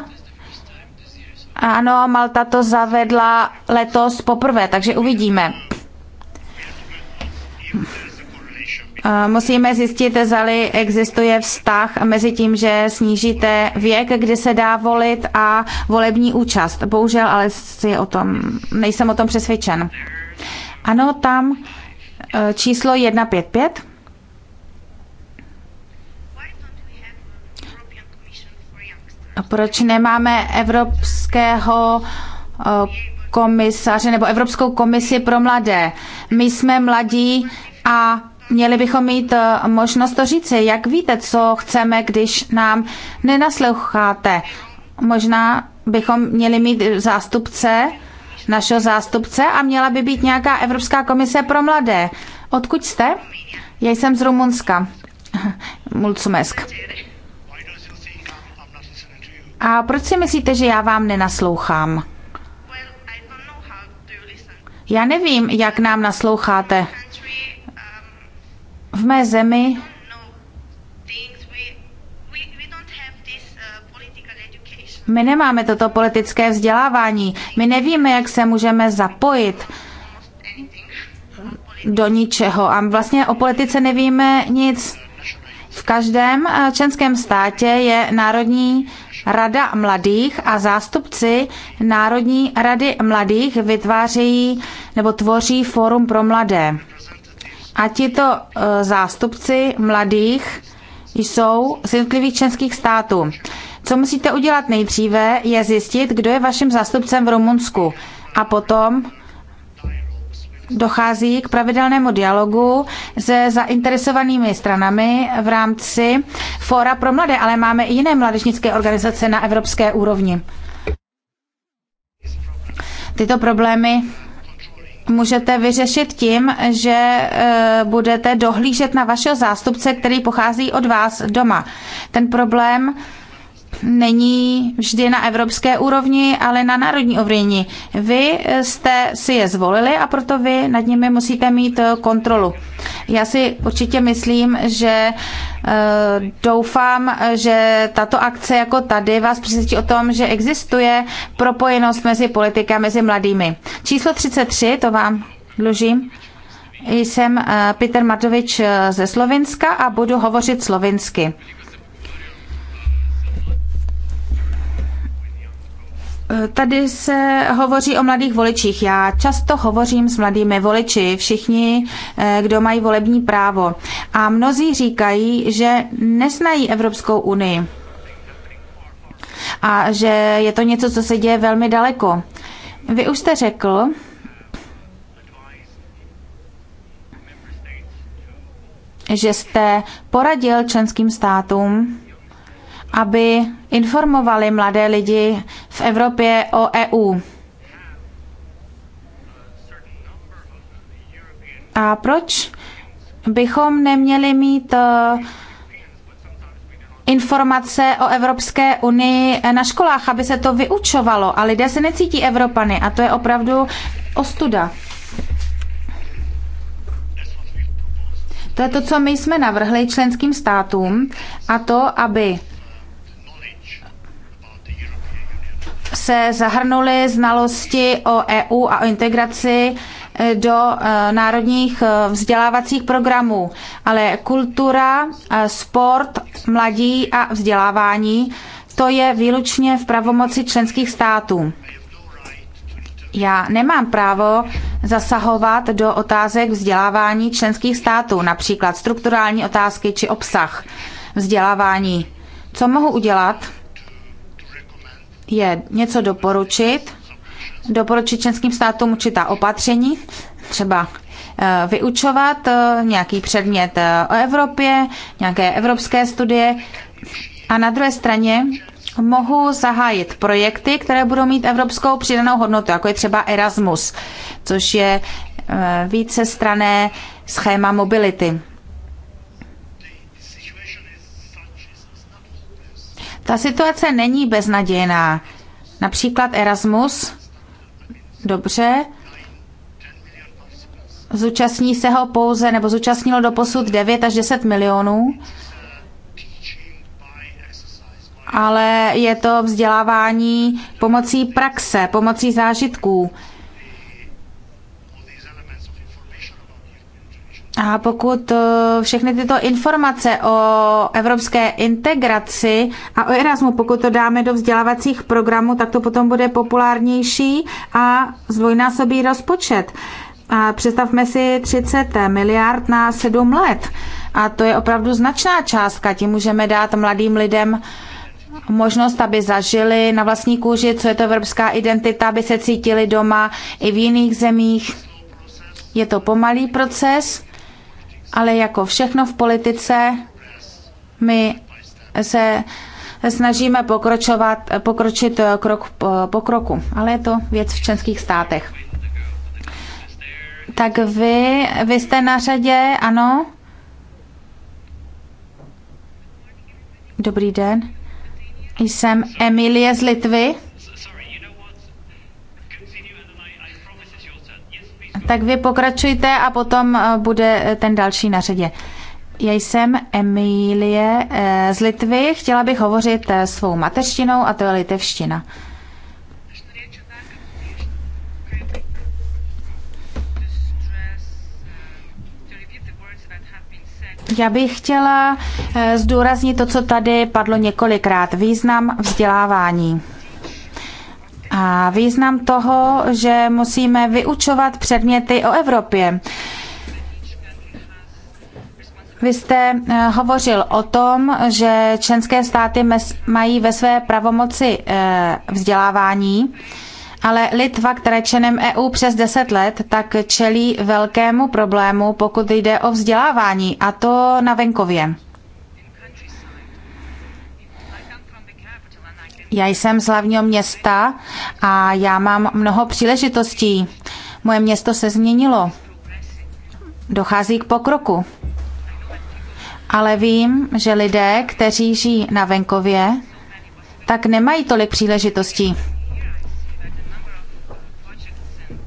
ano, Malta to zavedla letos poprvé, takže uvidíme. Eh, musíme zjistit, zali existuje vztah mezi tím, že snížíte věk, kdy se dá volit a volební účast. Bohužel, ale si o tom, nejsem o tom přesvědčen. Ano, tam eh, číslo 155. proč nemáme evropského eh, komisaře nebo Evropskou komisi pro mladé. My jsme mladí a Měli bychom mít eh, možnost to říci, jak víte, co chceme, když nám nenasloucháte. Možná bychom měli mít zástupce, našeho zástupce a měla by být nějaká Evropská komise pro mladé. Odkud jste? Já jsem z Rumunska. Mulțumesc. A proč si myslíte, že já vám nenaslouchám? Já nevím, jak nám nasloucháte. V mé zemi My nemáme toto politické vzdělávání. My nevíme, jak se můžeme zapojit do ničeho. A vlastně o politice nevíme nic. V každém eh, členském státě je národní Rada mladých a zástupci Národní rady mladých vytvářejí nebo tvoří Fórum pro mladé. A tito e, zástupci mladých jsou z jednotlivých členských států. Co musíte udělat nejdříve, je zjistit, kdo je vaším zástupcem v Rumunsku a potom dochází k pravidelnému dialogu se zainteresovanými stranami v rámci Fóra pro mladé, ale máme i jiné mládežnické organizace na evropské úrovni. Tyto problémy můžete vyřešit tím, že e, budete dohlížet na vašeho zástupce, který pochází od vás doma. Ten problém není vždy na evropské úrovni, ale na národní úrovni. Vy jste si je zvolili a proto vy nad nimi musíte mít eh, kontrolu. Já si určitě myslím, že eh, doufám, že tato akce jako tady vás přesvědčí o tom, že existuje propojenost mezi politiky a mezi mladými. Číslo 33, to vám dlužím. Jsem eh, Peter Matovič ze Slovenska a budu hovořit slovinsky. Tady se hovoří o mladých voličích. Já často hovořím s mladými voliči, všichni, eh, kdo mají volební právo. A mnozí říkají, že neznají Evropskou unii a že je to něco, co se děje velmi daleko. Vy už jste řekl, že jste poradil členským státům, aby informovali mladé lidi v Evropě o EU. A proč bychom neměli mít eh, informace o Evropské unii na školách, aby se to vyučovalo a lidé se necítí Evropany a to je opravdu ostuda. To je to, co my jsme navrhli členským státům a to, aby se zahrnuly znalosti o EU a o integraci eh, do eh, národních eh, vzdělávacích programů, ale kultura, sport, mladí a vzdělávání, to je výlučně v pravomoci členských států. Já nemám právo zasahovat do otázek vzdělávání členských států, například strukturální otázky či obsah vzdělávání. Co mohu udělat? je něco doporučit, doporučit členským státům určitá opatření, třeba eh, vyučovat eh, nějaký předmět eh, o Evropě, nějaké evropské studie. A na druhé straně mohu zahájit projekty, které budou mít evropskou přidanou hodnotu, jako je třeba Erasmus, což je vícestrané schéma mobility. Ta situace není beznadějná. Například Erasmus, dobře, zúčastní se ho pouze, nebo zúčastnilo do posud 9 až 10 milionů, ale je to vzdělávání pomocí praxe, pomocí zážitků. A pokud eh, všechny tyto informace o evropské integraci a o Erasmu, pokud to dáme do vzdělávacích programů, tak to potom bude populárnější a zdvojnásobí rozpočet. A představme si 30 miliard na 7 let. A to je opravdu značná částka. Tím můžeme dát mladým lidem možnost, aby zažili na vlastní kůži, co je to evropská identita, aby se cítili doma i v jiných zemích. Je to pomalý proces, ale jako všechno v politice, my se snažíme pokročovat, pokročit krok po kroku, ale je to věc v členských státech. Tak vy, vy jste na řadě, ano? Dobrý den. Jsem Emilie z Litvy. Tak vy pokračujte a potom eh, bude eh, ten další na řadě. Já jsem Emílie eh, z Litvy, chtěla bych hovořit svou mateřštinou a to je litevština. Já bych chtěla zdůraznit to, co tady padlo několikrát, význam vzdělávání a význam toho, že musíme vyučovat předměty o Evropě. Vy jste eh, hovořil o tom, že členské státy mají ve své pravomoci eh, vzdělávání, ale Litva, která je členem EU přes 10 let, tak čelí velkému problému, pokud jde o vzdělávání, a to na venkově. Já jsem z hlavního města a já mám mnoho příležitostí. Moje město se změnilo. Dochází k pokroku. Ale vím, že lidé, kteří žijí na venkově, tak nemají tolik příležitostí.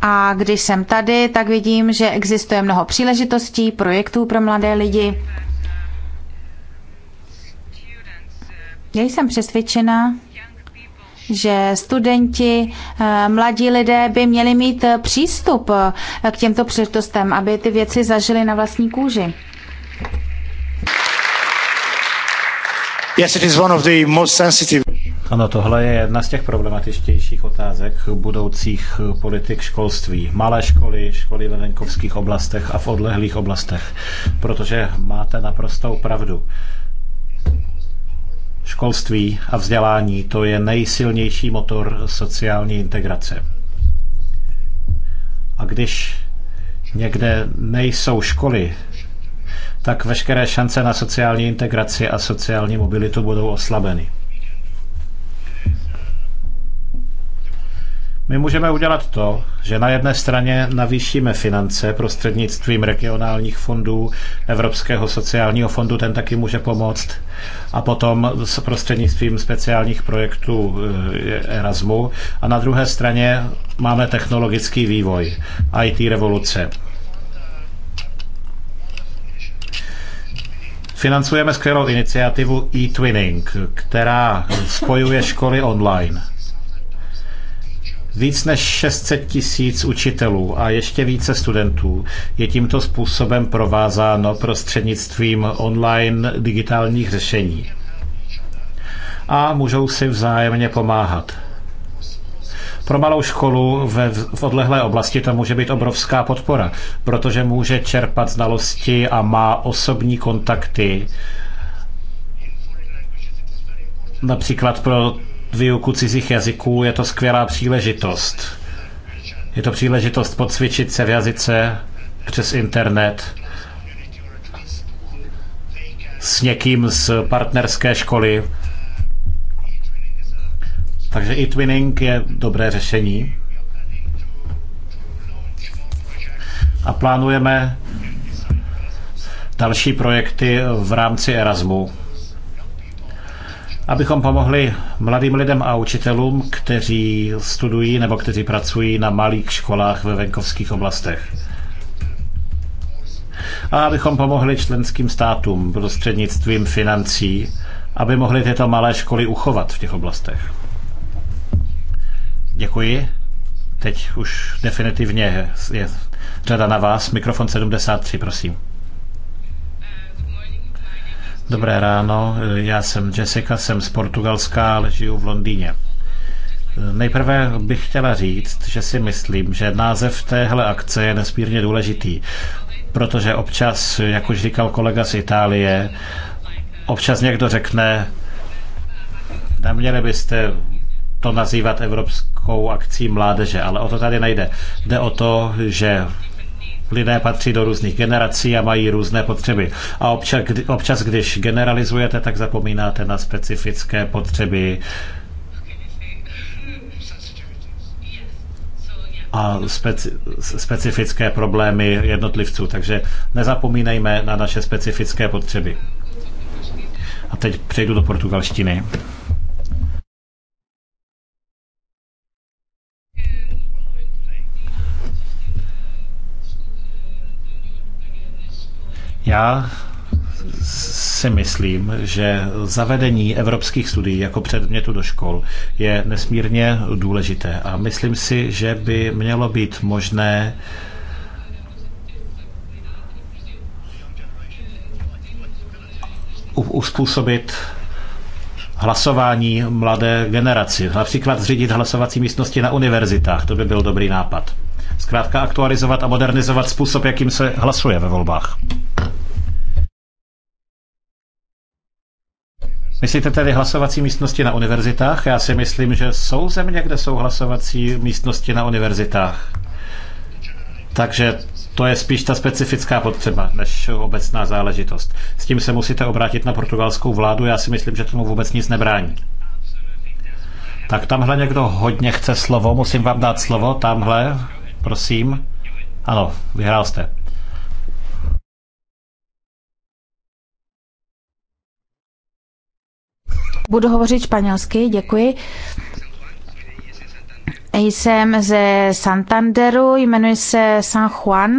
A když jsem tady, tak vidím, že existuje mnoho příležitostí, projektů pro mladé lidi. Já jsem přesvědčena, že studenti, eh, mladí lidé by měli mít eh, přístup eh, k těmto příležitostem, aby ty věci zažili na vlastní kůži. Yes, it is one of the most sensitive. Ano, tohle je jedna z těch problematičtějších otázek budoucích politik školství. Malé školy, školy ve venkovských oblastech a v odlehlých oblastech. Protože máte naprostou pravdu školství a vzdělání. To je nejsilnější motor sociální integrace. A když někde nejsou školy, tak veškeré šance na sociální integraci a sociální mobilitu budou oslabeny. My můžeme udělat to, že na jedné straně navýšíme finance prostřednictvím regionálních fondů, Evropského sociálního fondu, ten taky může pomoct, a potom s prostřednictvím speciálních projektů e, Erasmu. A na druhé straně máme technologický vývoj, IT revoluce. Financujeme skvělou iniciativu e-twinning, která spojuje školy online. Víc než 600 tisíc učitelů a ještě více studentů je tímto způsobem provázáno prostřednictvím online digitálních řešení. A můžou si vzájemně pomáhat. Pro malou školu ve, v odlehlé oblasti to může být obrovská podpora, protože může čerpat znalosti a má osobní kontakty. Například pro výuku cizích jazyků, je to skvělá příležitost. Je to příležitost podcvičit se v jazyce přes internet s někým z partnerské školy. Takže e-twinning je dobré řešení. A plánujeme další projekty v rámci Erasmu abychom pomohli mladým lidem a učitelům, kteří studují nebo kteří pracují na malých školách ve venkovských oblastech. A abychom pomohli členským státům prostřednictvím financí, aby mohli tyto malé školy uchovat v těch oblastech. Děkuji. Teď už definitivně je řada na vás. Mikrofon 73, prosím. Dobré ráno, já jsem Jessica, jsem z Portugalska, ale žiju v Londýně. Nejprve bych chtěla říct, že si myslím, že název téhle akce je nesmírně důležitý, protože občas, jak už říkal kolega z Itálie, občas někdo řekne, neměli byste to nazývat evropskou akcí mládeže, ale o to tady nejde. Jde o to, že lidé patří do různých generací a mají různé potřeby. A občas, občas když generalizujete, tak zapomínáte na specifické potřeby a speci- specifické problémy jednotlivců. Takže nezapomínejme na naše specifické potřeby. A teď přejdu do portugalštiny. Já si myslím, že zavedení evropských studií jako předmětu do škol je nesmírně důležité a myslím si, že by mělo být možné uspůsobit hlasování mladé generaci. Například zřídit hlasovací místnosti na univerzitách, to by byl dobrý nápad. Zkrátka aktualizovat a modernizovat způsob, jakým se hlasuje ve volbách. Myslíte tedy hlasovací místnosti na univerzitách? Já si myslím, že jsou země, kde jsou hlasovací místnosti na univerzitách. Takže to je spíš ta specifická potřeba než obecná záležitost. S tím se musíte obrátit na portugalskou vládu, já si myslím, že tomu vůbec nic nebrání. Tak tamhle někdo hodně chce slovo, musím vám dát slovo, tamhle. Prosím. Ano, vyhrál jste. Budu hovořit španělsky, děkuji. Jsem ze Santanderu, jmenuji se San Juan,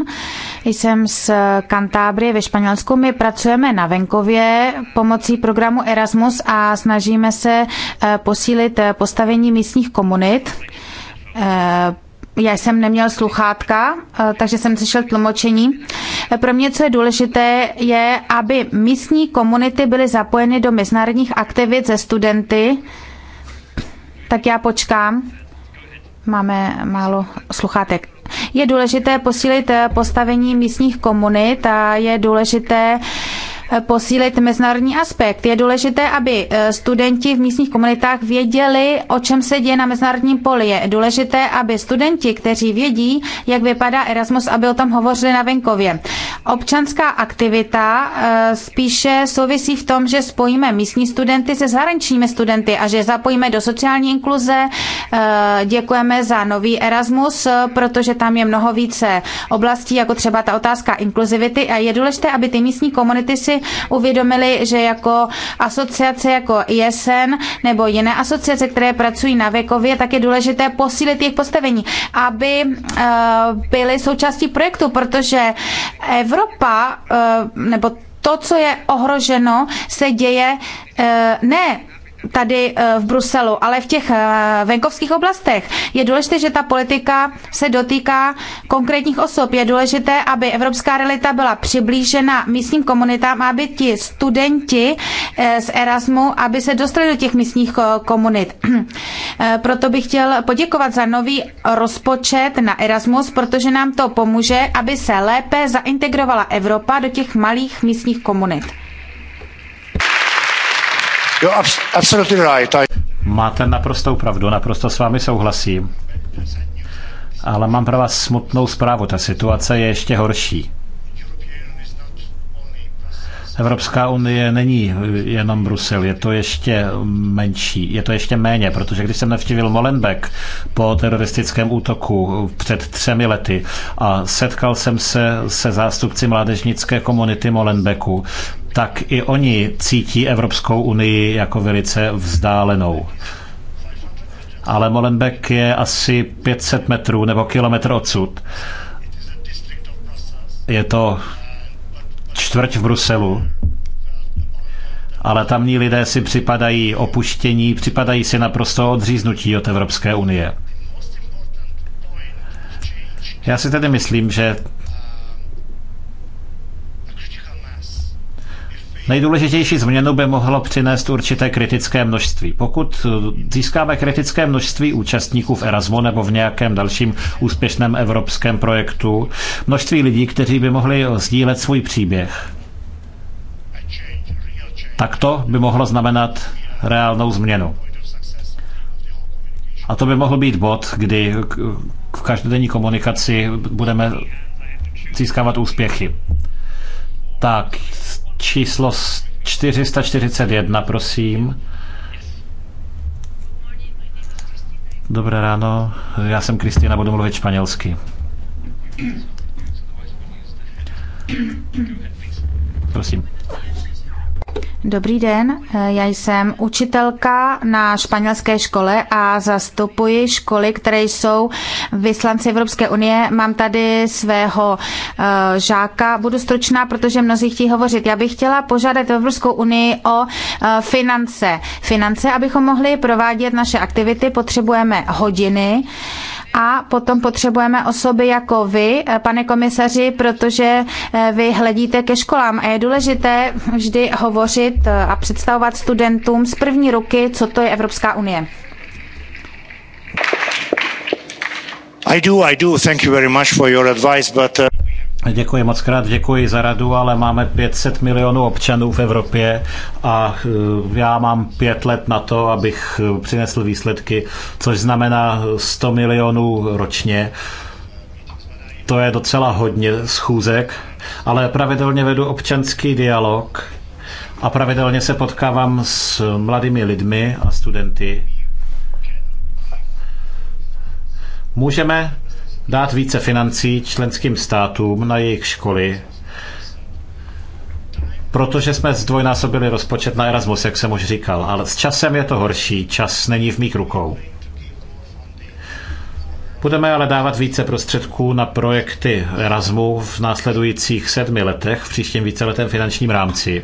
jsem z Kantábrie ve Španělsku. My pracujeme na venkově pomocí programu Erasmus a snažíme se eh, posílit eh, postavení místních komunit eh, já jsem neměl sluchátka, eh, takže jsem slyšel tlumočení. Eh, pro mě, co je důležité, je, aby místní komunity byly zapojeny do mezinárodních aktivit ze studenty. Tak já počkám. Máme málo sluchátek. Je důležité posílit eh, postavení místních komunit a je důležité uh, Eh, posílit mezinárodní aspekt. Je důležité, aby eh, studenti v místních komunitách věděli, o čem se děje na mezinárodním poli. Je důležité, aby studenti, kteří vědí, jak vypadá Erasmus, aby o tom hovořili na venkově. Občanská aktivita eh, spíše souvisí v tom, že spojíme místní studenty se zahraničními studenty a že zapojíme do sociální inkluze, Eh, děkujeme za nový Erasmus, protože tam je mnoho více oblastí, jako třeba ta otázka inkluzivity a je důležité, aby ty místní komunity si uvědomily, že jako asociace jako ISN nebo jiné asociace, které pracují na věkově, tak je důležité posílit jejich postavení, aby eh, byly součástí projektu, protože Evropa eh, nebo to, co je ohroženo, se děje ne tady eh, v Bruselu, ale v těch eh, venkovských oblastech. Je důležité, že ta politika se dotýká konkrétních osob. Je důležité, aby evropská realita byla přiblížena místním komunitám, aby ti studenti eh, z Erasmu, aby se dostali do těch místních komunit. Proto bych chtěl poděkovat za nový rozpočet na Erasmus, protože nám to pomůže, aby se lépe zaintegrovala Evropa do těch malých místních komunit. You're absolutely right. I... Máte naprostou pravdu, naprosto s vámi souhlasím. Ale mám pro vás smutnou zprávu, ta situace je ještě horší. Evropská unie není jenom Brusel, je to ještě menší, je to ještě méně, protože když jsem navštívil Molenbeek po teroristickém útoku před třemi lety a setkal jsem se se zástupci mládežnické komunity Molenbeeku, tak i oni cítí Evropskou unii jako velice vzdálenou ale Molenbeek je asi 500 metrů nebo kilometr odsud. Je to čtvrť v Bruselu, ale tamní lidé si připadají opuštění, připadají si naprosto odříznutí od Evropské unie. Já si tedy myslím, že Nejdůležitější změnu by mohlo přinést určité kritické množství. Pokud získáme kritické množství účastníků v Erasmu nebo v nějakém dalším úspěšném evropském projektu, množství lidí, kteří by mohli sdílet svůj příběh, tak to by mohlo znamenat reálnou změnu. A to by mohl být bod, kdy v každodenní komunikaci budeme získávat úspěchy. Tak, číslo 441, prosím. Dobré ráno, já jsem Kristýna, budu mluvit španělsky. Prosím. Dobrý den, eh, já jsem učitelka na španělské škole a zastupuji školy, které jsou vyslanci Evropské unie. Mám tady svého eh, žáka. Budu stručná, protože mnozí chtějí hovořit. Já bych chtěla požádat Evropskou unii o eh, finance. Finance, abychom mohli provádět naše aktivity, potřebujeme hodiny a potom potřebujeme osoby jako vy, eh, pane komisaři, protože eh, vy hledíte ke školám a je důležité vždy hovořit eh, a představovat studentům z první ruky, co to je Evropská unie. I do, I do. Thank you very much for your advice, but... Uh... Děkuji moc krát, děkuji za radu, ale máme 500 milionů občanů v Evropě a eh, já mám pět let na to, abych eh, přinesl výsledky, což znamená 100 milionů ročně. To je docela hodně schůzek, ale pravidelně vedu občanský dialog a pravidelně se potkávám s mladými lidmi a studenty. Můžeme dát více financí členským státům na jejich školy, protože jsme zdvojnásobili rozpočet na Erasmus, jak jsem už říkal, ale s časem je to horší, čas není v mých rukou. Budeme ale dávat více prostředků na projekty Erasmu v následujících sedmi letech, v příštím víceletém finančním rámci.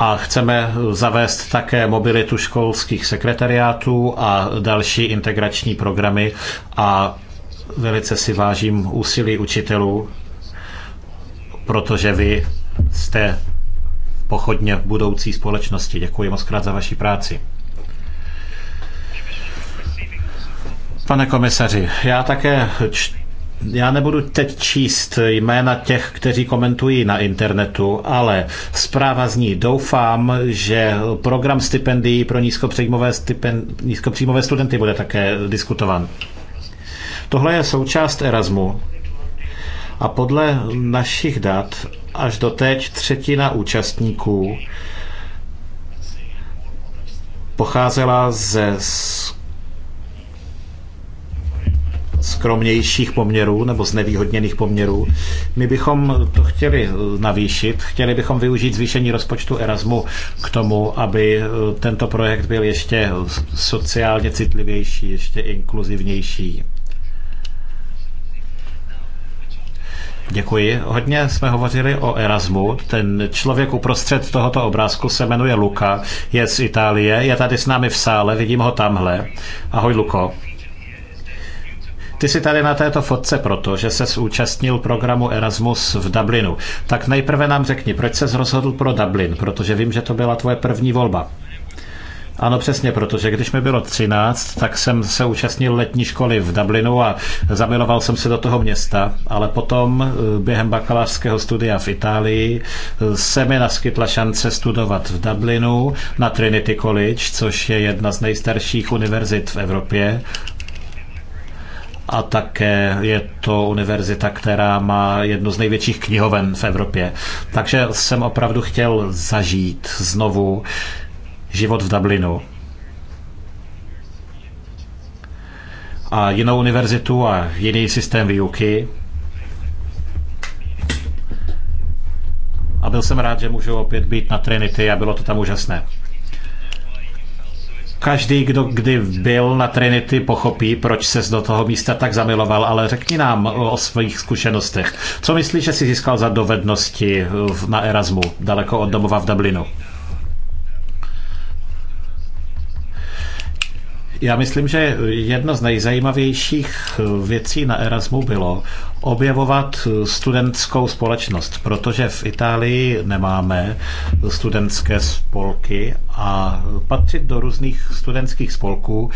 a chceme zavést také mobilitu školských sekretariátů a další integrační programy a velice si vážím úsilí učitelů, protože vy jste pochodně v budoucí společnosti. Děkuji moc krát za vaši práci. Pane komisaři, já také čtu já nebudu teď číst jména těch, kteří komentují na internetu, ale zpráva zní, doufám, že program stipendií pro nízkopříjmové, stipend, nízkopříjmové studenty bude také diskutovan. Tohle je součást Erasmu a podle našich dat až doteď třetina účastníků pocházela ze skromnějších poměrů nebo znevýhodněných poměrů. My bychom to chtěli eh, navýšit, chtěli bychom využít zvýšení rozpočtu Erasmu k tomu, aby eh, tento projekt byl ještě eh, sociálně citlivější, ještě inkluzivnější. Děkuji. Hodně jsme hovořili o Erasmu. Ten člověk uprostřed tohoto obrázku se jmenuje Luka, je z Itálie, je tady s námi v sále, vidím ho tamhle. Ahoj, Luko. Ty jsi tady na této fotce proto, že se zúčastnil programu Erasmus v Dublinu. Tak nejprve nám řekni, proč se rozhodl pro Dublin, protože vím, že to byla tvoje první volba. Ano, přesně, protože když mi bylo 13, tak jsem se účastnil letní školy v Dublinu a zamiloval jsem se do toho města, ale potom eh, během bakalářského studia v Itálii eh, se mi naskytla šance studovat v Dublinu na Trinity College, což je jedna z nejstarších univerzit v Evropě a také je to univerzita, která má jednu z největších knihoven v Evropě. Takže jsem opravdu chtěl zažít znovu život v Dublinu. A jinou univerzitu a jiný systém výuky. A byl jsem rád, že můžu opět být na Trinity a bylo to tam úžasné. Každý, kdo kdy byl na Trinity, pochopí, proč se do toho místa tak zamiloval, ale řekni nám o svých zkušenostech. Co myslíš, že jsi získal za dovednosti na Erasmu, daleko od domova v Dublinu? Já myslím, že jedno z nejzajímavějších eh, věcí na Erasmu bylo objevovat eh, studentskou společnost, protože v Itálii nemáme eh, studentské spolky a patřit do různých studentských spolků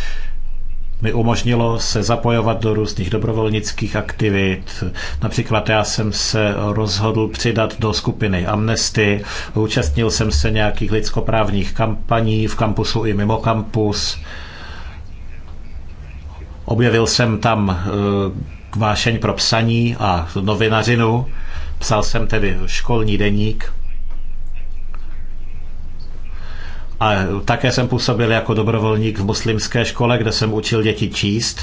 mi umožnilo se zapojovat do různých dobrovolnických aktivit. Například já jsem se rozhodl přidat do skupiny Amnesty, účastnil jsem se nějakých lidskoprávních kampaní v kampusu i mimo kampus. Objevil jsem tam e, vášeň pro psaní a novinařinu. Psal jsem tedy školní deník. A také jsem působil jako dobrovolník v muslimské škole, kde jsem učil děti číst.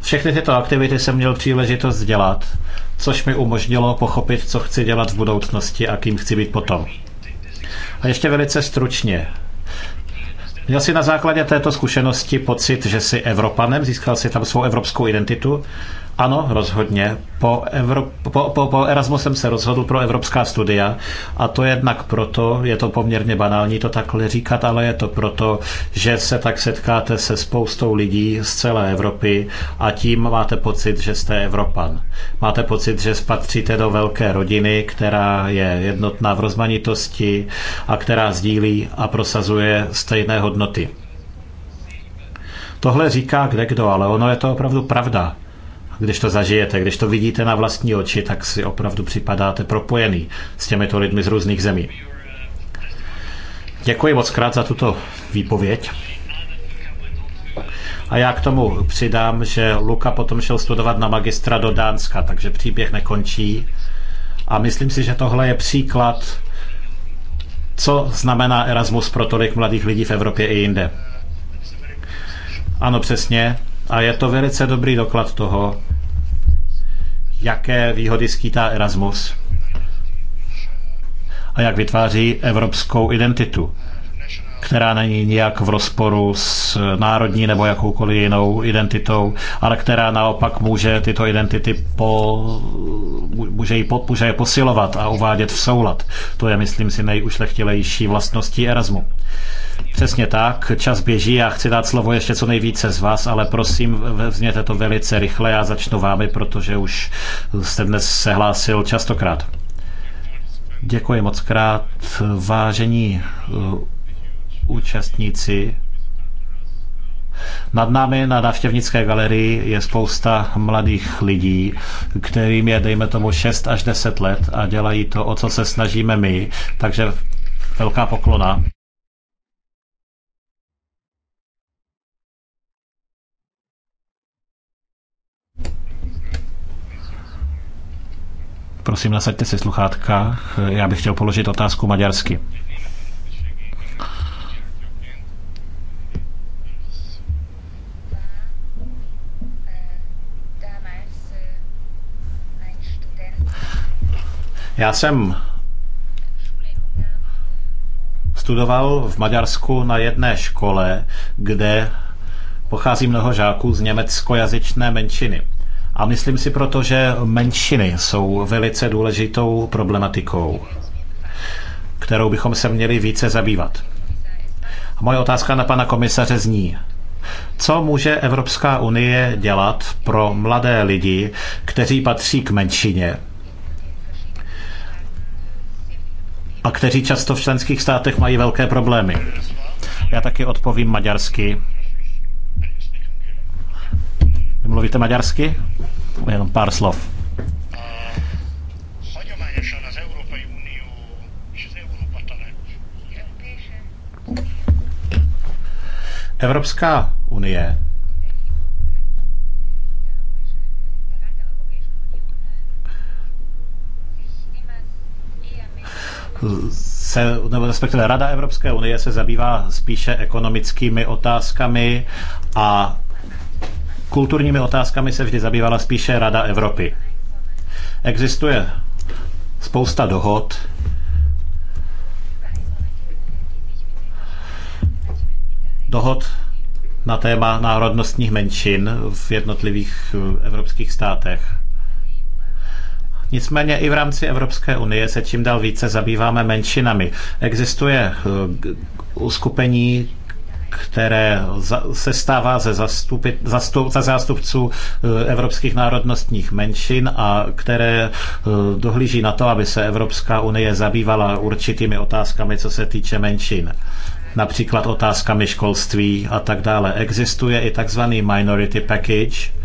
Všechny tyto aktivity jsem měl příležitost dělat, což mi umožnilo pochopit, co chci dělat v budoucnosti a kým chci být potom. A ještě velice stručně. Měl si na základě této zkušenosti pocit, že jsi Evropanem, získal si tam svou evropskou identitu ano, rozhodně. Po, Evrop, po, po, po Erasmu jsem se rozhodl pro evropská studia a to jednak proto, je to poměrně banální to takhle říkat, ale je to proto, že se tak setkáte se spoustou lidí z celé Evropy a tím máte pocit, že jste Evropan. Máte pocit, že spatříte do velké rodiny, která je jednotná v rozmanitosti a která sdílí a prosazuje stejné hodnoty. Tohle říká kde kdo, ale ono je to opravdu pravda když to zažijete, když to vidíte na vlastní oči, tak si opravdu připadáte propojený s těmito lidmi z různých zemí. Děkuji moc krát za tuto výpověď. A já k tomu přidám, že Luka potom šel studovat na magistra do Dánska, takže příběh nekončí. A myslím si, že tohle je příklad, co znamená Erasmus pro tolik mladých lidí v Evropě i jinde. Ano, přesně. A je to velice dobrý doklad toho, jaké výhody skýtá Erasmus a jak vytváří evropskou identitu která není nijak v rozporu s národní nebo jakoukoliv jinou identitou, ale která naopak může tyto identity po, může, ji, může je posilovat a uvádět v soulad. To je, myslím si, nejušlechtilejší vlastností Erasmu. Přesně tak, čas běží, já chci dát slovo ještě co nejvíce z vás, ale prosím, vezměte to velice rychle, já začnu vámi, protože už jste dnes sehlásil častokrát. Děkuji moc krát, vážení účastníci. Nad námi na návštěvnické galerii je spousta mladých lidí, kterým je, dejme tomu, 6 až 10 let a dělají to, o co se snažíme my. Takže velká poklona. Prosím, nasaďte si sluchátka. Já bych chtěl položit otázku maďarsky. Já jsem studoval v Maďarsku na jedné škole, kde pochází mnoho žáků z německojazyčné menšiny. A myslím si proto, že menšiny jsou velice důležitou problematikou, kterou bychom se měli více zabývat. A moje otázka na pana komisaře zní, co může Evropská unie dělat pro mladé lidi, kteří patří k menšině, a kteří často v členských státech mají velké problémy. Já taky odpovím maďarsky. Vy mluvíte maďarsky? Jenom pár slov. Evropská unie se, nebo respektive Rada Evropské unie se zabývá spíše ekonomickými otázkami a kulturními otázkami se vždy zabývala spíše Rada Evropy. Existuje spousta dohod, dohod na téma národnostních menšin v jednotlivých eh, evropských státech. Nicméně i v rámci Evropské unie se čím dál více zabýváme menšinami. Existuje eh, uskupení, které se stává ze, zastupit, zastup, ze zástupců eh, evropských národnostních menšin a které eh, dohlíží na to, aby se Evropská unie zabývala určitými otázkami, co se týče menšin například otázkami školství a tak dále. Existuje i takzvaný minority package,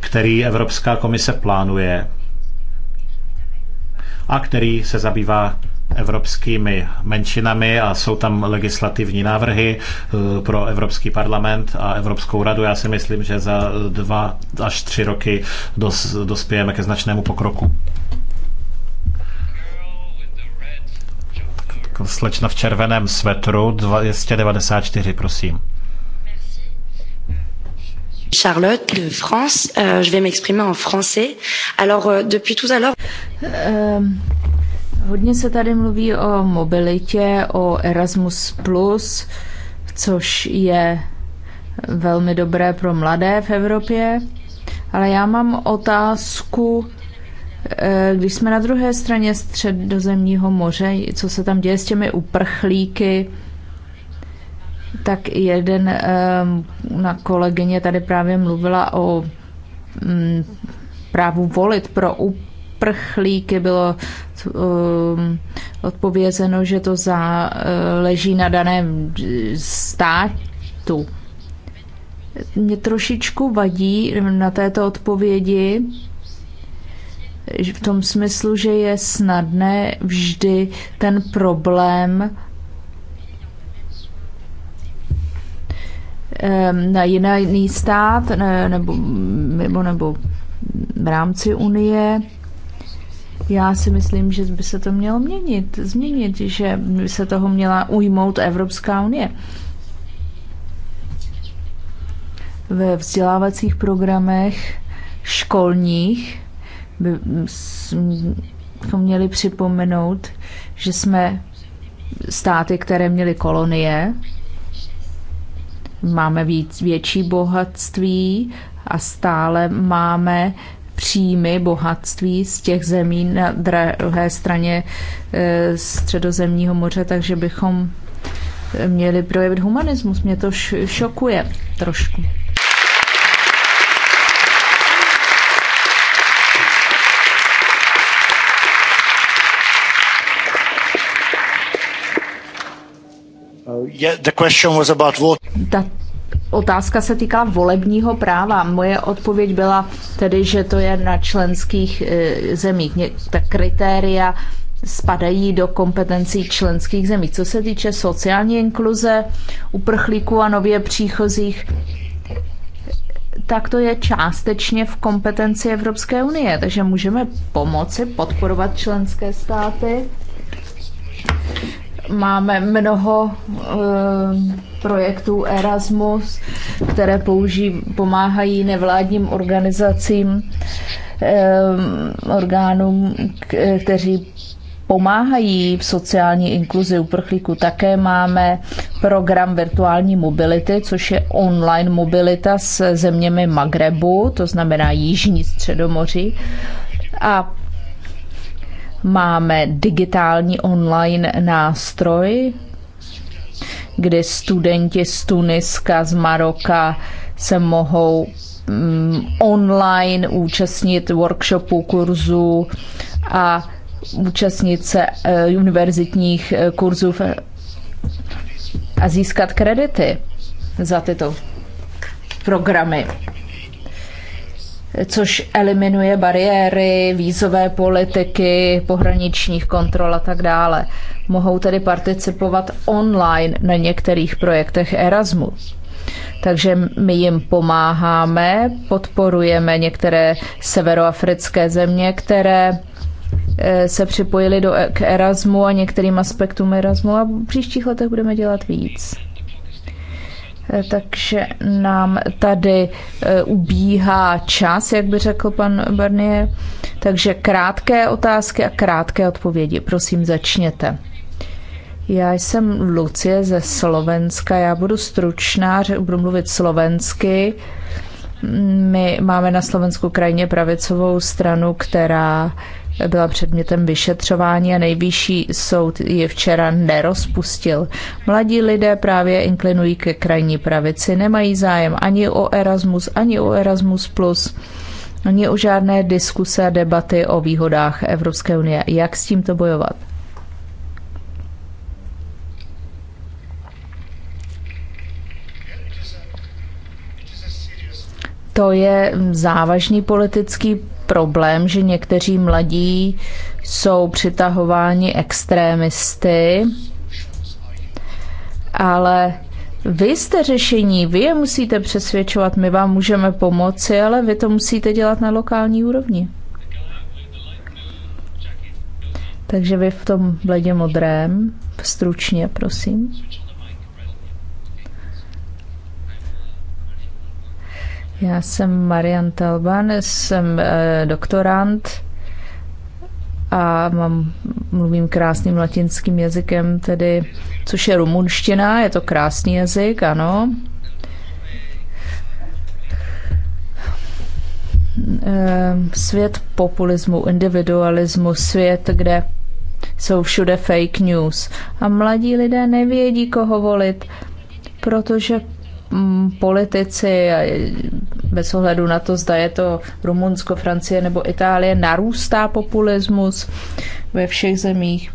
který Evropská komise plánuje a který se zabývá evropskými menšinami a jsou tam legislativní návrhy eh, pro Evropský parlament a Evropskou radu. Já si myslím, že za dva až tři roky dos, dospějeme ke značnému pokroku. Slečna v červeném svetru 294, prosím. Charlotte de France. Euh, je vais m'exprimer en français. Alors, euh, depuis tout à l'heure. Um, hodně se tady mluví o mobilitě, o Erasmus+, plus, což je velmi dobré pro mladé v Evropě. Ale já mám otázku, eh, když jsme na druhé straně středozemního moře, co se tam děje s těmi uprchlíky, tak jeden ehm, na kolegyně tady právě mluvila o mm, právu volit pro uprchlíky. Bylo ehm, odpovězeno, že to záleží eh, na daném státu. Mě trošičku vadí na této odpovědi, v tom smyslu, že je snadné vždy ten problém na jiný stát nebo, nebo, nebo v rámci Unie. Já si myslím, že by se to mělo měnit, změnit, že by se toho měla ujmout Evropská unie. Ve vzdělávacích programech školních bychom měli připomenout, že jsme státy, které měly kolonie, máme víc, větší bohatství a stále máme příjmy bohatství z těch zemí na druhé straně e, středozemního moře, takže bychom měli projevit humanismus. Mě to šokuje trošku. Ta otázka se týká volebního práva. Moje odpověď byla tedy, že to je na členských eh, zemích. Ta kritéria spadají do kompetencí členských zemí. Co se týče sociální inkluze, uprchlíků a nově příchozích, tak to je částečně v kompetenci Evropské unie, takže můžeme pomoci podporovat členské státy Máme mnoho eh, projektů Erasmus, které použí, pomáhají nevládním organizacím, eh, orgánům, kteří pomáhají v sociální inkluzi uprchlíků. Také máme program virtuální mobility, což je online mobilita s zeměmi Magrebu, to znamená Jižní středomoří. A Máme digitální online nástroj, kdy studenti z Tuniska, z Maroka se mohou mm, online účastnit workshopů, kurzů a účastnit se eh, univerzitních eh, kurzů a získat kredity za tyto programy což eliminuje bariéry, vízové politiky, pohraničních kontrol a tak dále. Mohou tedy participovat online na některých projektech Erasmus. Takže my jim pomáháme, podporujeme některé severoafrické země, které eh, se připojili do, k Erasmu a některým aspektům Erasmu a v příštích letech budeme dělat víc takže nám tady e, ubíhá čas, jak by řekl pan Barnier. Takže krátké otázky a krátké odpovědi. Prosím, začněte. Já jsem Lucie ze Slovenska, já budu stručná, budu mluvit slovensky. My máme na Slovensku krajně pravicovou stranu, která byla předmětem vyšetřování a nejvyšší soud ji včera nerozpustil. Mladí lidé právě inklinují ke krajní pravici, nemají zájem ani o Erasmus, ani o Erasmus+. plus, Ani o žádné diskuse a debaty o výhodách Evropské unie. Jak s tímto bojovat? To je závažný politický problém, že někteří mladí jsou přitahováni extrémisty, ale vy jste řešení, vy je musíte přesvědčovat, my vám můžeme pomoci, ale vy to musíte dělat na lokální úrovni. Takže vy v tom bledě modrém, stručně, prosím. Já jsem Marian Talban, jsem eh, doktorant a mám, mluvím krásným latinským jazykem, tedy, což je rumunština, je to krásný jazyk, ano. Eh, svět populismu, individualismu, svět, kde jsou všude fake news a mladí lidé nevědí, koho volit, protože Mm, politici, bez ohledu na to, zda je to Rumunsko, Francie nebo Itálie, narůstá populismus ve všech zemích.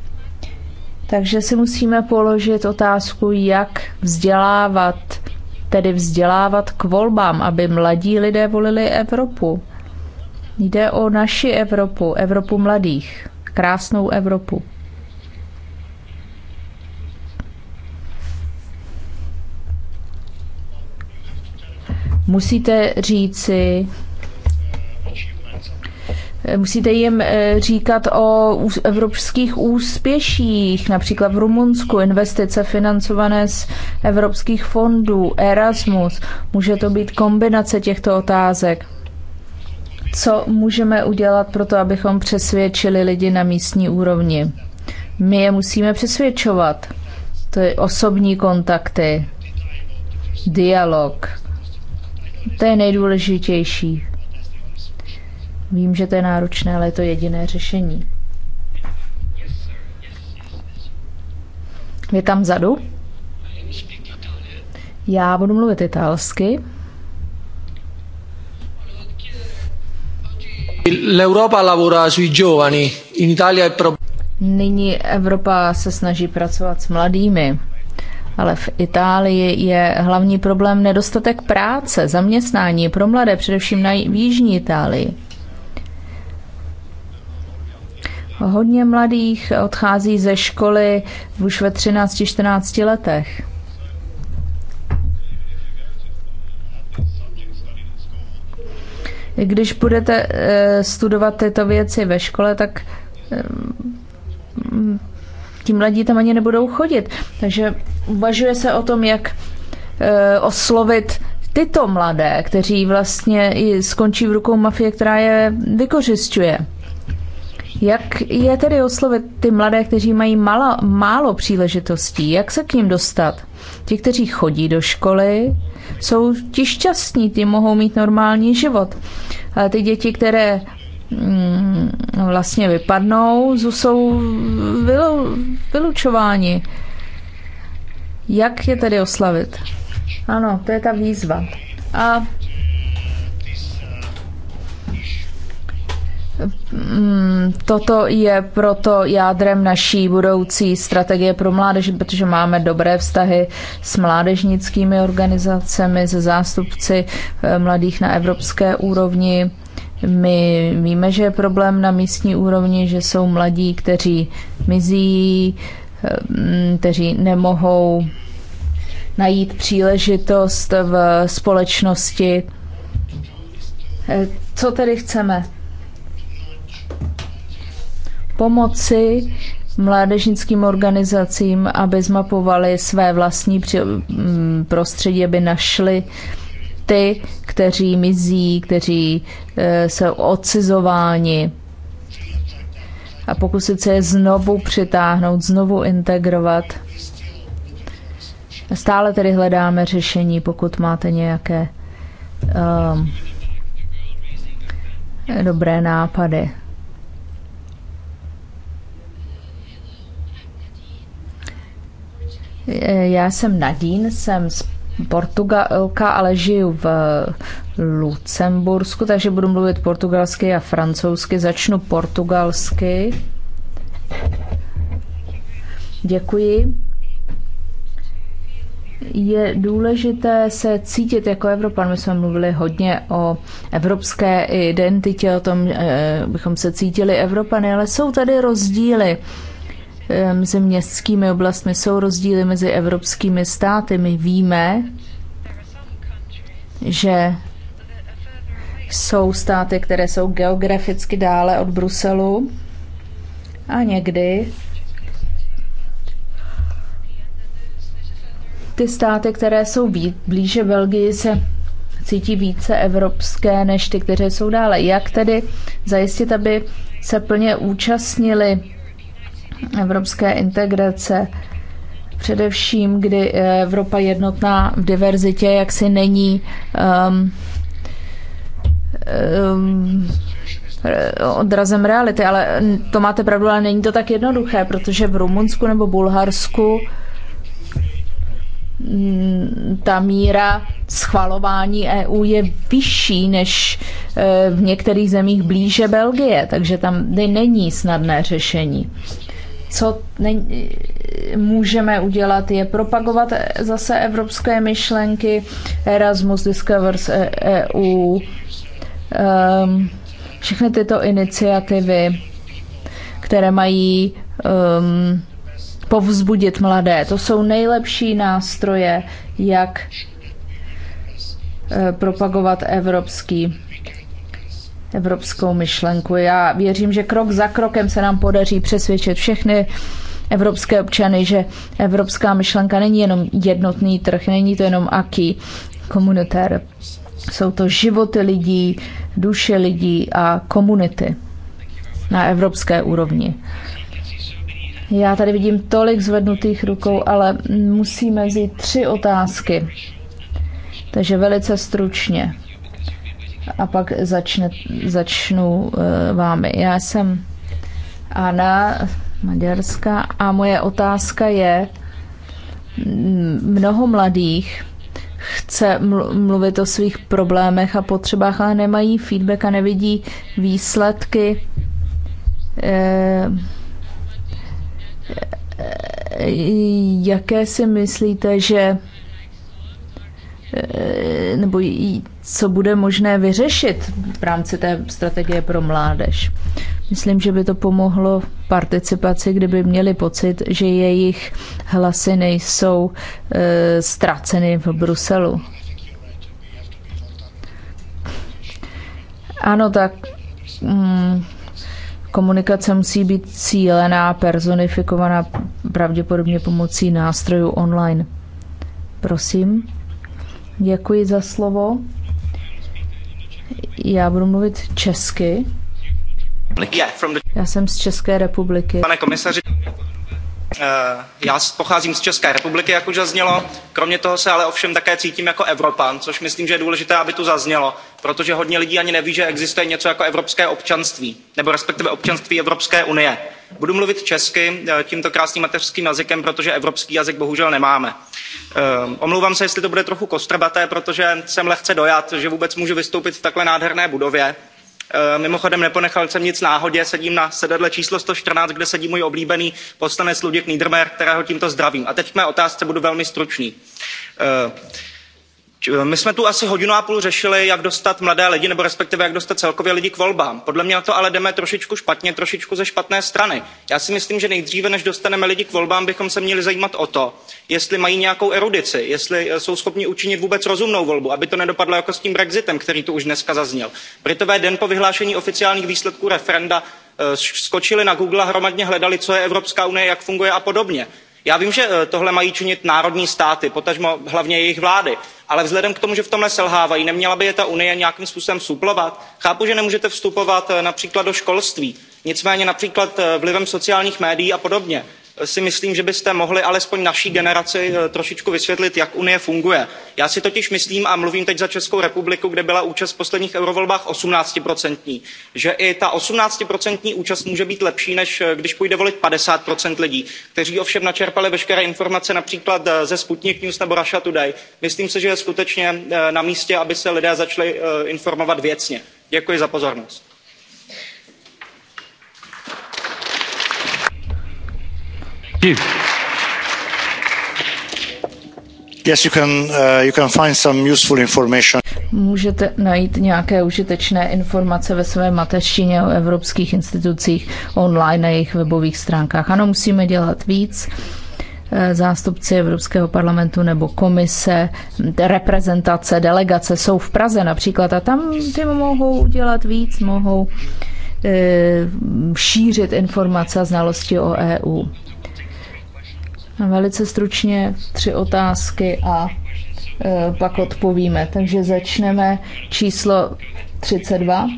Takže si musíme položit otázku, jak vzdělávat, tedy vzdělávat k volbám, aby mladí lidé volili Evropu. Jde o naši Evropu, Evropu mladých, krásnou Evropu. Musíte říci, Musíte jim eh, říkat o evropských úspěších, například v Rumunsku investice financované z evropských fondů, Erasmus. Může to být kombinace těchto otázek. Co můžeme udělat pro to, abychom přesvědčili lidi na místní úrovni? My je musíme přesvědčovat. To je osobní kontakty, dialog to je nejdůležitější. Vím, že to je náročné, ale je to jediné řešení. Je tam vzadu? Já budu mluvit italsky. L'Europa lavora sui giovani. In Italia è pro... Nyní Evropa se snaží pracovat s mladými ale v Itálii je hlavní problém nedostatek práce, zaměstnání pro mladé, především na jižní Itálii. Hodně mladých odchází ze školy už ve 13-14 letech. Když budete eh, studovat tyto věci ve škole, tak eh, tím mladí tam ani nebudou chodit. Takže uvažuje se o tom, jak eh, oslovit tyto mladé, kteří vlastně i skončí v rukou mafie, která je vykořišťuje. Jak je tedy oslovit ty mladé, kteří mají malo, málo příležitostí? Jak se k ním dostat? Ti, kteří chodí do školy, jsou ti šťastní, ti mohou mít normální život. Ale ty děti, které Mm, vlastně vypadnou, jsou vylučováni. Jak je tedy oslavit? Ano, to je ta výzva. A mm, Toto je proto jádrem naší budoucí strategie pro mládež, protože máme dobré vztahy s mládežnickými organizacemi, se zástupci eh, mladých na evropské úrovni. My víme, že je problém na místní úrovni, že jsou mladí, kteří mizí, ehm, kteří nemohou najít příležitost v společnosti. E, co tedy chceme? Pomoci mládežnickým organizacím, aby zmapovali své vlastní prostředí, aby našli ty, kteří mizí, kteří uh, jsou odcizováni a pokusit se je znovu přitáhnout, znovu integrovat. Stále tedy hledáme řešení, pokud máte nějaké um, dobré nápady. Eh, já jsem Nadín, jsem z Portugalka, ale žiju v Lucembursku, takže budu mluvit portugalsky a francouzsky. Začnu portugalsky. Děkuji. Je důležité se cítit jako Evropan. My jsme mluvili hodně o evropské identitě, o tom, eh, bychom se cítili Evropany, ale jsou tady rozdíly. Ehm, mezi městskými oblastmi, jsou rozdíly mezi evropskými státy. My víme, že jsou státy, které jsou geograficky dále od Bruselu a někdy ty státy, které jsou blíže Belgii, se cítí více evropské než ty, které jsou dále. Jak tedy zajistit, aby se plně účastnili evropské integrace. Především, kdy eh, Evropa jednotná v diverzitě jaksi není um, um, odrazem reality, ale to máte pravdu, ale není to tak jednoduché, protože v Rumunsku nebo Bulharsku mm, ta míra schvalování EU je vyšší než eh, v některých zemích blíže Belgie, takže tam není snadné řešení co ne, můžeme udělat, je propagovat zase evropské myšlenky, Erasmus Discovers EU, e um, ehm, všechny tyto iniciativy, které mají um, povzbudit mladé. To jsou nejlepší nástroje, jak eh, propagovat evropský evropskou myšlenku. Já věřím, že krok za krokem se nám podaří přesvědčit všechny evropské občany, že evropská myšlenka není jenom jednotný trh, není to jenom aký komunitér. Jsou to životy lidí, duše lidí a komunity na evropské úrovni. Já tady vidím tolik zvednutých rukou, ale musíme vzít tři otázky. Takže velice stručně a pak začne, začnu eh, vámi. Já jsem Anna Maďarská a moje otázka je, mnoho mladých chce mluvit o svých problémech a potřebách, ale nemají feedback a nevidí výsledky. Eh, eh, jaké si myslíte, že nebo co bude možné vyřešit v rámci té strategie pro mládež. Myslím, že by to pomohlo participaci, kdyby měli pocit, že jejich hlasy nejsou e, ztraceny v Bruselu. Ano, tak mm, komunikace musí být cílená, personifikovaná, pravděpodobně pomocí nástrojů online. Prosím. Děkuji za slovo. Já budu mluvit česky. Já jsem z České republiky. Pane komisaři, eh, já pocházím z České republiky, jak už zaznělo. Kromě toho se ale ovšem také cítím jako Evropan, což myslím, že je důležité, aby tu zaznělo, protože hodně lidí ani neví, že existuje něco jako evropské občanství, nebo respektive občanství Evropské unie budu mluvit česky eh, tímto krásným mateřským jazykem protože evropský jazyk bohužel nemáme. Eh, omlouvám se jestli to bude trochu kostrbaté protože jsem lehce dojat že vůbec můžu vystoupit v takhle nádherné budově. Eh, mimochodem neponechal jsem nic náhodě sedím na sedadle číslo one hundred and fourteen kde sedí můj oblíbený poslanec luděk niedermayer kterého tímto zdravím. a teď k mé otázce budu velmi stručný Eh, my jsme tu asi hodinu a půl řešili jak dostat mladé lidi nebo respektive jak dostat celkově lidi k volbám. podle mě na to ale jdeme trošičku špatně trošičku ze špatné strany. já si myslím že nejdříve než dostaneme lidi k volbám bychom se měli zajímat o to jestli mají nějakou erudici jestli eh, jsou schopni učinit vůbec rozumnou volbu aby to nedopadlo jako s tím brexitem který tu už dneska zazněl. britové den po vyhlášení oficiálních výsledků referenda eh, skočili na google a hromadně hledali co je evropská unie jak funguje a podobně já vím že eh, tohle mají činit národní státy potažmo hlavně jejich vlády ale vzhledem k tomu že v tomhle selhávají neměla by je ta unie nějakým způsobem suplovat? chápu že nemůžete vstupovat eh, například do školství nicméně například eh, vlivem sociálních médií a podobně si myslím že byste mohli alespoň naší generaci eh, trošičku vysvětlit jak unie funguje. já si totiž myslím a mluvím teď za českou republiku kde byla účast v posledních eurovolbách eighteen že i ta eighteen účast může být lepší než eh, když půjde volit fifty lidí kteří ovšem načerpali veškeré informace například eh, ze sputnik news nebo russia today. myslím si že je skutečně na místě aby se lidé začali informovat věcně. děkuji za pozornost. Yes, you can, uh, you can find some useful information. Můžete najít nějaké užitečné informace ve své mateřštině o evropských institucích online na jejich webových stránkách. Ano, musíme dělat víc. Eh, zástupci Evropského parlamentu nebo komise, hm, reprezentace, delegace jsou v Praze například a tam ty mohou dělat víc, mohou eh, šířit informace a znalosti o EU. Velice stručně tři otázky a e, pak odpovíme. Takže začneme číslo 32.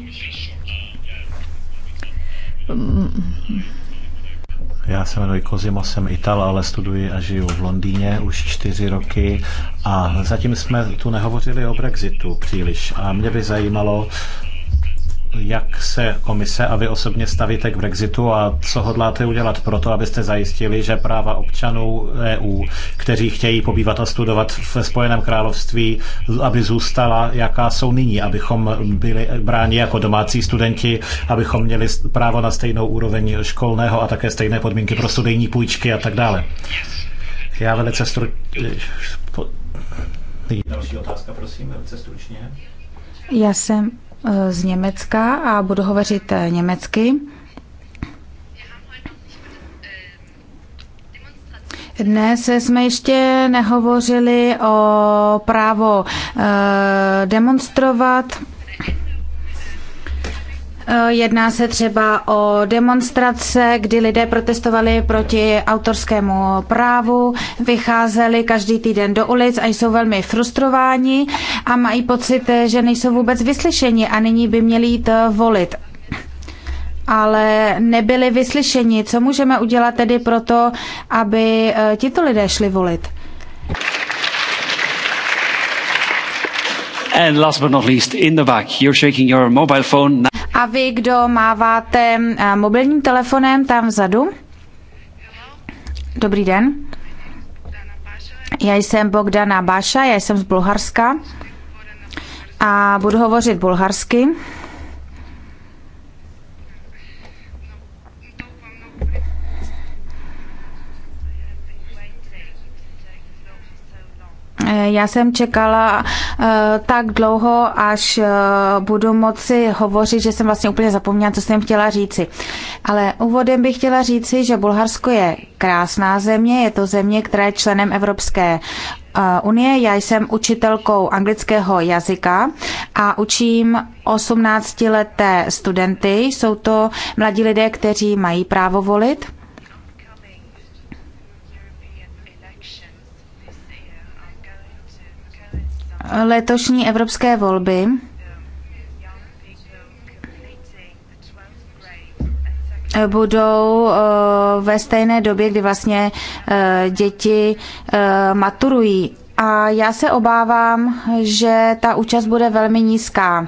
Já se jmenuji Kozimo, jsem Ital, ale studuji a žiju v Londýně už čtyři roky a zatím jsme tu nehovořili o Brexitu příliš a mě by zajímalo, jak se komise a vy osobně stavíte k Brexitu a co hodláte udělat pro to, abyste zajistili, že práva občanů EU, kteří chtějí pobývat a studovat ve Spojeném království, aby zůstala, jaká jsou nyní, abychom byli bráni jako domácí studenti, abychom měli právo na stejnou úroveň školného a také stejné podmínky pro studijní půjčky a tak dále. Já velice stru... Další otázka, prosím, velice stručně. Já jsem Eh, z Německa a budu hovořit eh, německy. Dnes jsme ještě nehovořili o právo eh, demonstrovat Eh, jedná se třeba o demonstrace, kdy lidé protestovali proti autorskému právu, vycházeli každý týden do ulic a jsou velmi frustrováni a mají pocit, že nejsou vůbec vyslyšeni a nyní by měli jít eh, volit ale nebyli vyslyšeni. Co můžeme udělat tedy proto, aby eh, tito lidé šli volit? And last but not least, in the back, you're shaking your mobile phone. A vy, kdo máváte eh, mobilním telefonem tam vzadu? Dobrý den. Já jsem Bogdana Baša, já jsem z Bulharska a budu hovořit bulharsky. Já jsem čekala eh, tak dlouho, až eh, budu moci hovořit, že jsem vlastně úplně zapomněla, co jsem chtěla říci. Ale úvodem bych chtěla říci, že Bulharsko je krásná země, je to země, která je členem Evropské eh, unie. Já jsem učitelkou anglického jazyka a učím 18-leté studenty. Jsou to mladí lidé, kteří mají právo volit letošní evropské volby budou eh, ve stejné době, kdy vlastně eh, děti eh, maturují. A já se obávám, že ta účast bude velmi nízká.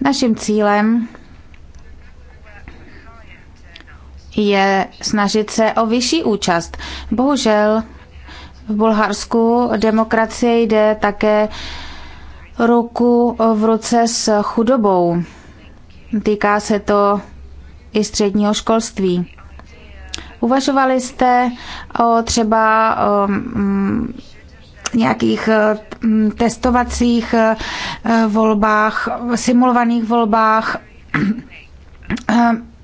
Naším cílem je snažit se o vyšší účast. Bohužel v Bulharsku demokracie jde také ruku eh, v ruce s chudobou. Týká se to i středního školství. Uvažovali jste o třeba um, nějakých eh, mm, testovacích volbách, simulovaných volbách.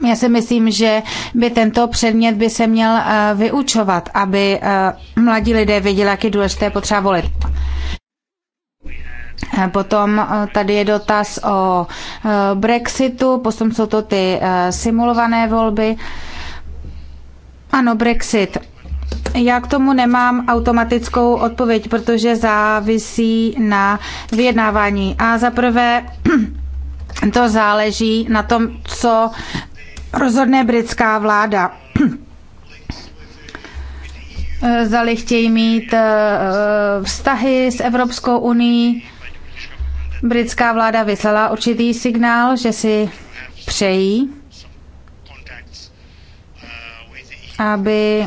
Já si myslím, že by tento předmět by se měl uh, vyučovat, aby uh, mladí lidé věděli, jak je důležité potřeba volit. Eh, potom eh, tady je dotaz o eh, Brexitu, potom jsou to ty simulované volby. Ano, Brexit. Já k tomu nemám automatickou odpověď, protože závisí na vyjednávání. A za prvé to záleží na tom, co rozhodne britská vláda. Zali chtějí mít vztahy s Evropskou unii, Britská vláda vyslala určitý signál, že si přejí, aby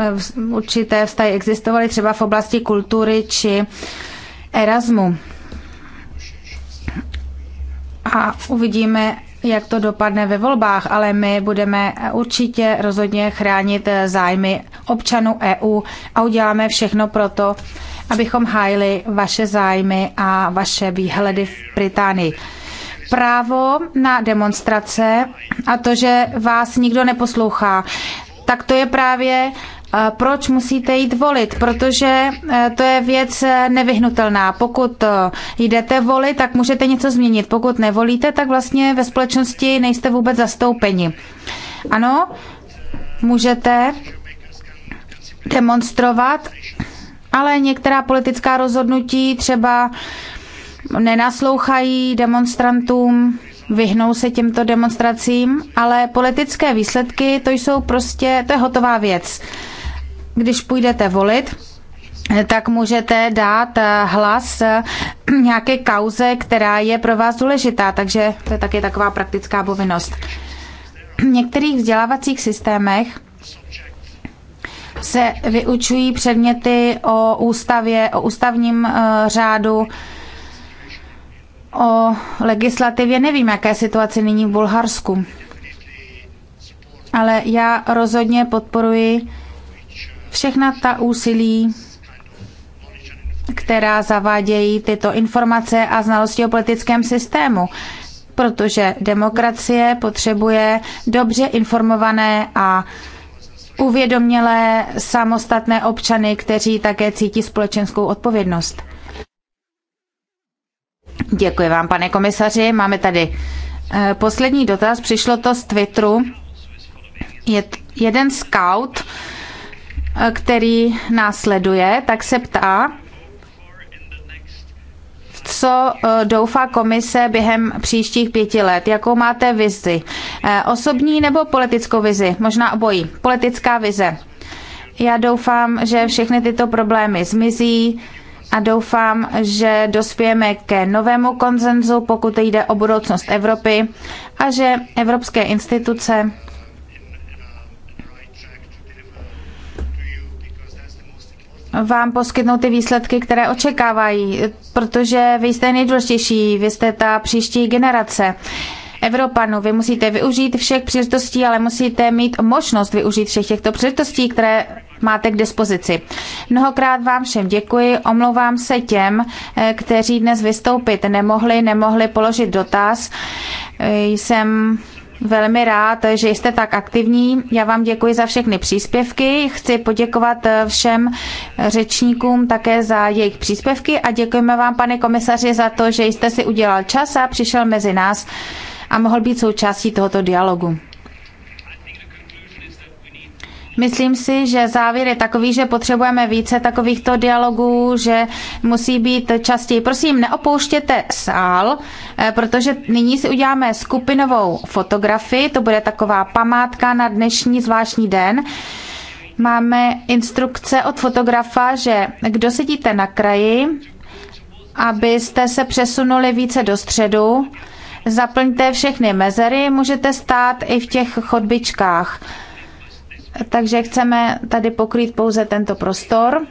eh, určité vztahy existovaly třeba v oblasti kultury či Erasmu. A uvidíme, jak to dopadne ve volbách, ale my budeme určitě rozhodně chránit eh, zájmy občanů EU a uděláme všechno pro to, abychom hájili vaše zájmy a vaše výhledy v Británii právo na demonstrace a to, že vás nikdo neposlouchá. Tak to je právě eh, proč musíte jít volit, protože eh, to je věc eh, nevyhnutelná. Pokud jdete volit, tak můžete něco změnit. Pokud nevolíte, tak vlastně ve společnosti nejste vůbec zastoupeni. Ano, můžete demonstrovat, ale některá politická rozhodnutí třeba nenaslouchají demonstrantům, vyhnou se těmto demonstracím, ale politické výsledky to jsou prostě, to je hotová věc. Když půjdete volit, tak můžete dát eh, hlas eh, nějaké kauze, která je pro vás důležitá, takže to je taky taková praktická povinnost. V některých vzdělávacích systémech se vyučují předměty o ústavě, o ústavním eh, řádu, o legislativě. Nevím, jaké situace nyní v Bulharsku. Ale já rozhodně podporuji všechna ta úsilí, která zavádějí tyto informace a znalosti o politickém systému, protože demokracie potřebuje dobře informované a uvědomělé samostatné občany, kteří také cítí společenskou odpovědnost. Děkuji vám, pane komisaři. Máme tady eh, poslední dotaz. Přišlo to z Twitteru. Je jeden scout, eh, který následuje, tak se ptá, co e, doufá komise během příštích pěti let? Jakou máte vizi? E, osobní nebo politickou vizi? Možná obojí. Politická vize. Já doufám, že všechny tyto problémy zmizí a doufám, že dospějeme ke novému konsenzu, pokud jde o budoucnost Evropy a že evropské instituce vám poskytnout ty výsledky, které očekávají, protože vy jste nejdůležitější, vy jste ta příští generace. Evropanu, Vy musíte využít všech příležitostí, ale musíte mít možnost využít všech těchto příležitostí, které máte k dispozici. Mnohokrát vám všem děkuji, omlouvám se těm, eh, kteří dnes vystoupit nemohli, nemohli položit dotaz. Eh, jsem velmi rád, že jste tak aktivní. Já vám děkuji za všechny příspěvky. Chci poděkovat eh, všem řečníkům také za jejich příspěvky a děkujeme vám, pane komisaři, za to, že jste si udělal čas a přišel mezi nás a mohl být součástí tohoto dialogu. Myslím si, že závěr je takový, že potřebujeme více takovýchto dialogů, že musí být častěji. Prosím, neopouštěte sál, eh, protože nyní si uděláme skupinovou fotografii, to bude taková památka na dnešní zvláštní den. Máme instrukce od fotografa, že kdo sedíte na kraji, abyste se přesunuli více do středu, zaplňte všechny mezery, můžete stát i v těch chodbičkách takže chceme tady pokrýt pouze tento prostor.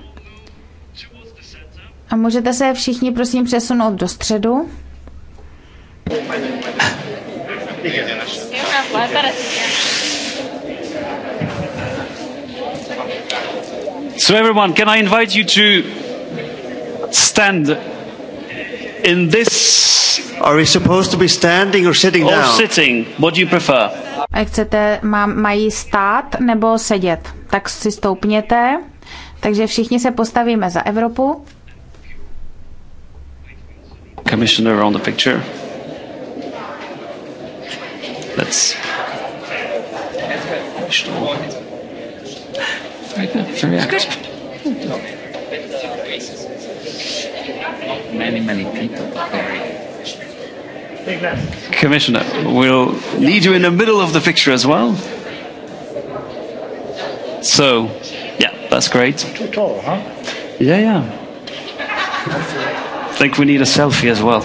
A můžete se všichni prosím přesunout do středu. So everyone, can I invite you to stand in this... Are we supposed to be standing or sitting or down? Or sitting. What do you prefer? Chcete, má, mají stát nebo sedět? Tak si stoupněte. Takže všichni se postavíme za Evropu. Commissioner on the picture. Let's... Right there, very active. Good many, many people very Commissioner, we'll need you in the middle of the picture as well. So, yeah, that's great. Too tall, huh? Yeah, yeah. I think we need a selfie as well.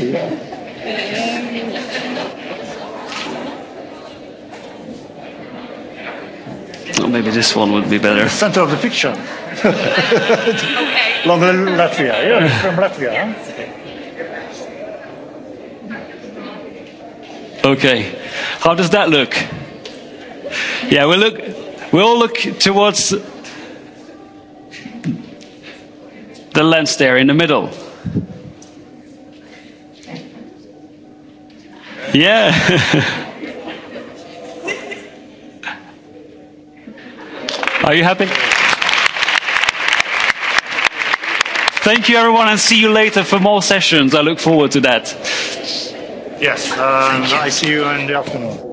yeah. No, maybe this one would be better. Center of the picture. okay. Long Latvia. Yeah, from Latvia. Huh? Okay. How does that look? Yeah, we look. We all look towards the lens there in the middle. Yeah. Are you happy? Thank you, everyone, and see you later for more sessions. I look forward to that. Yes, um, I see you in the afternoon.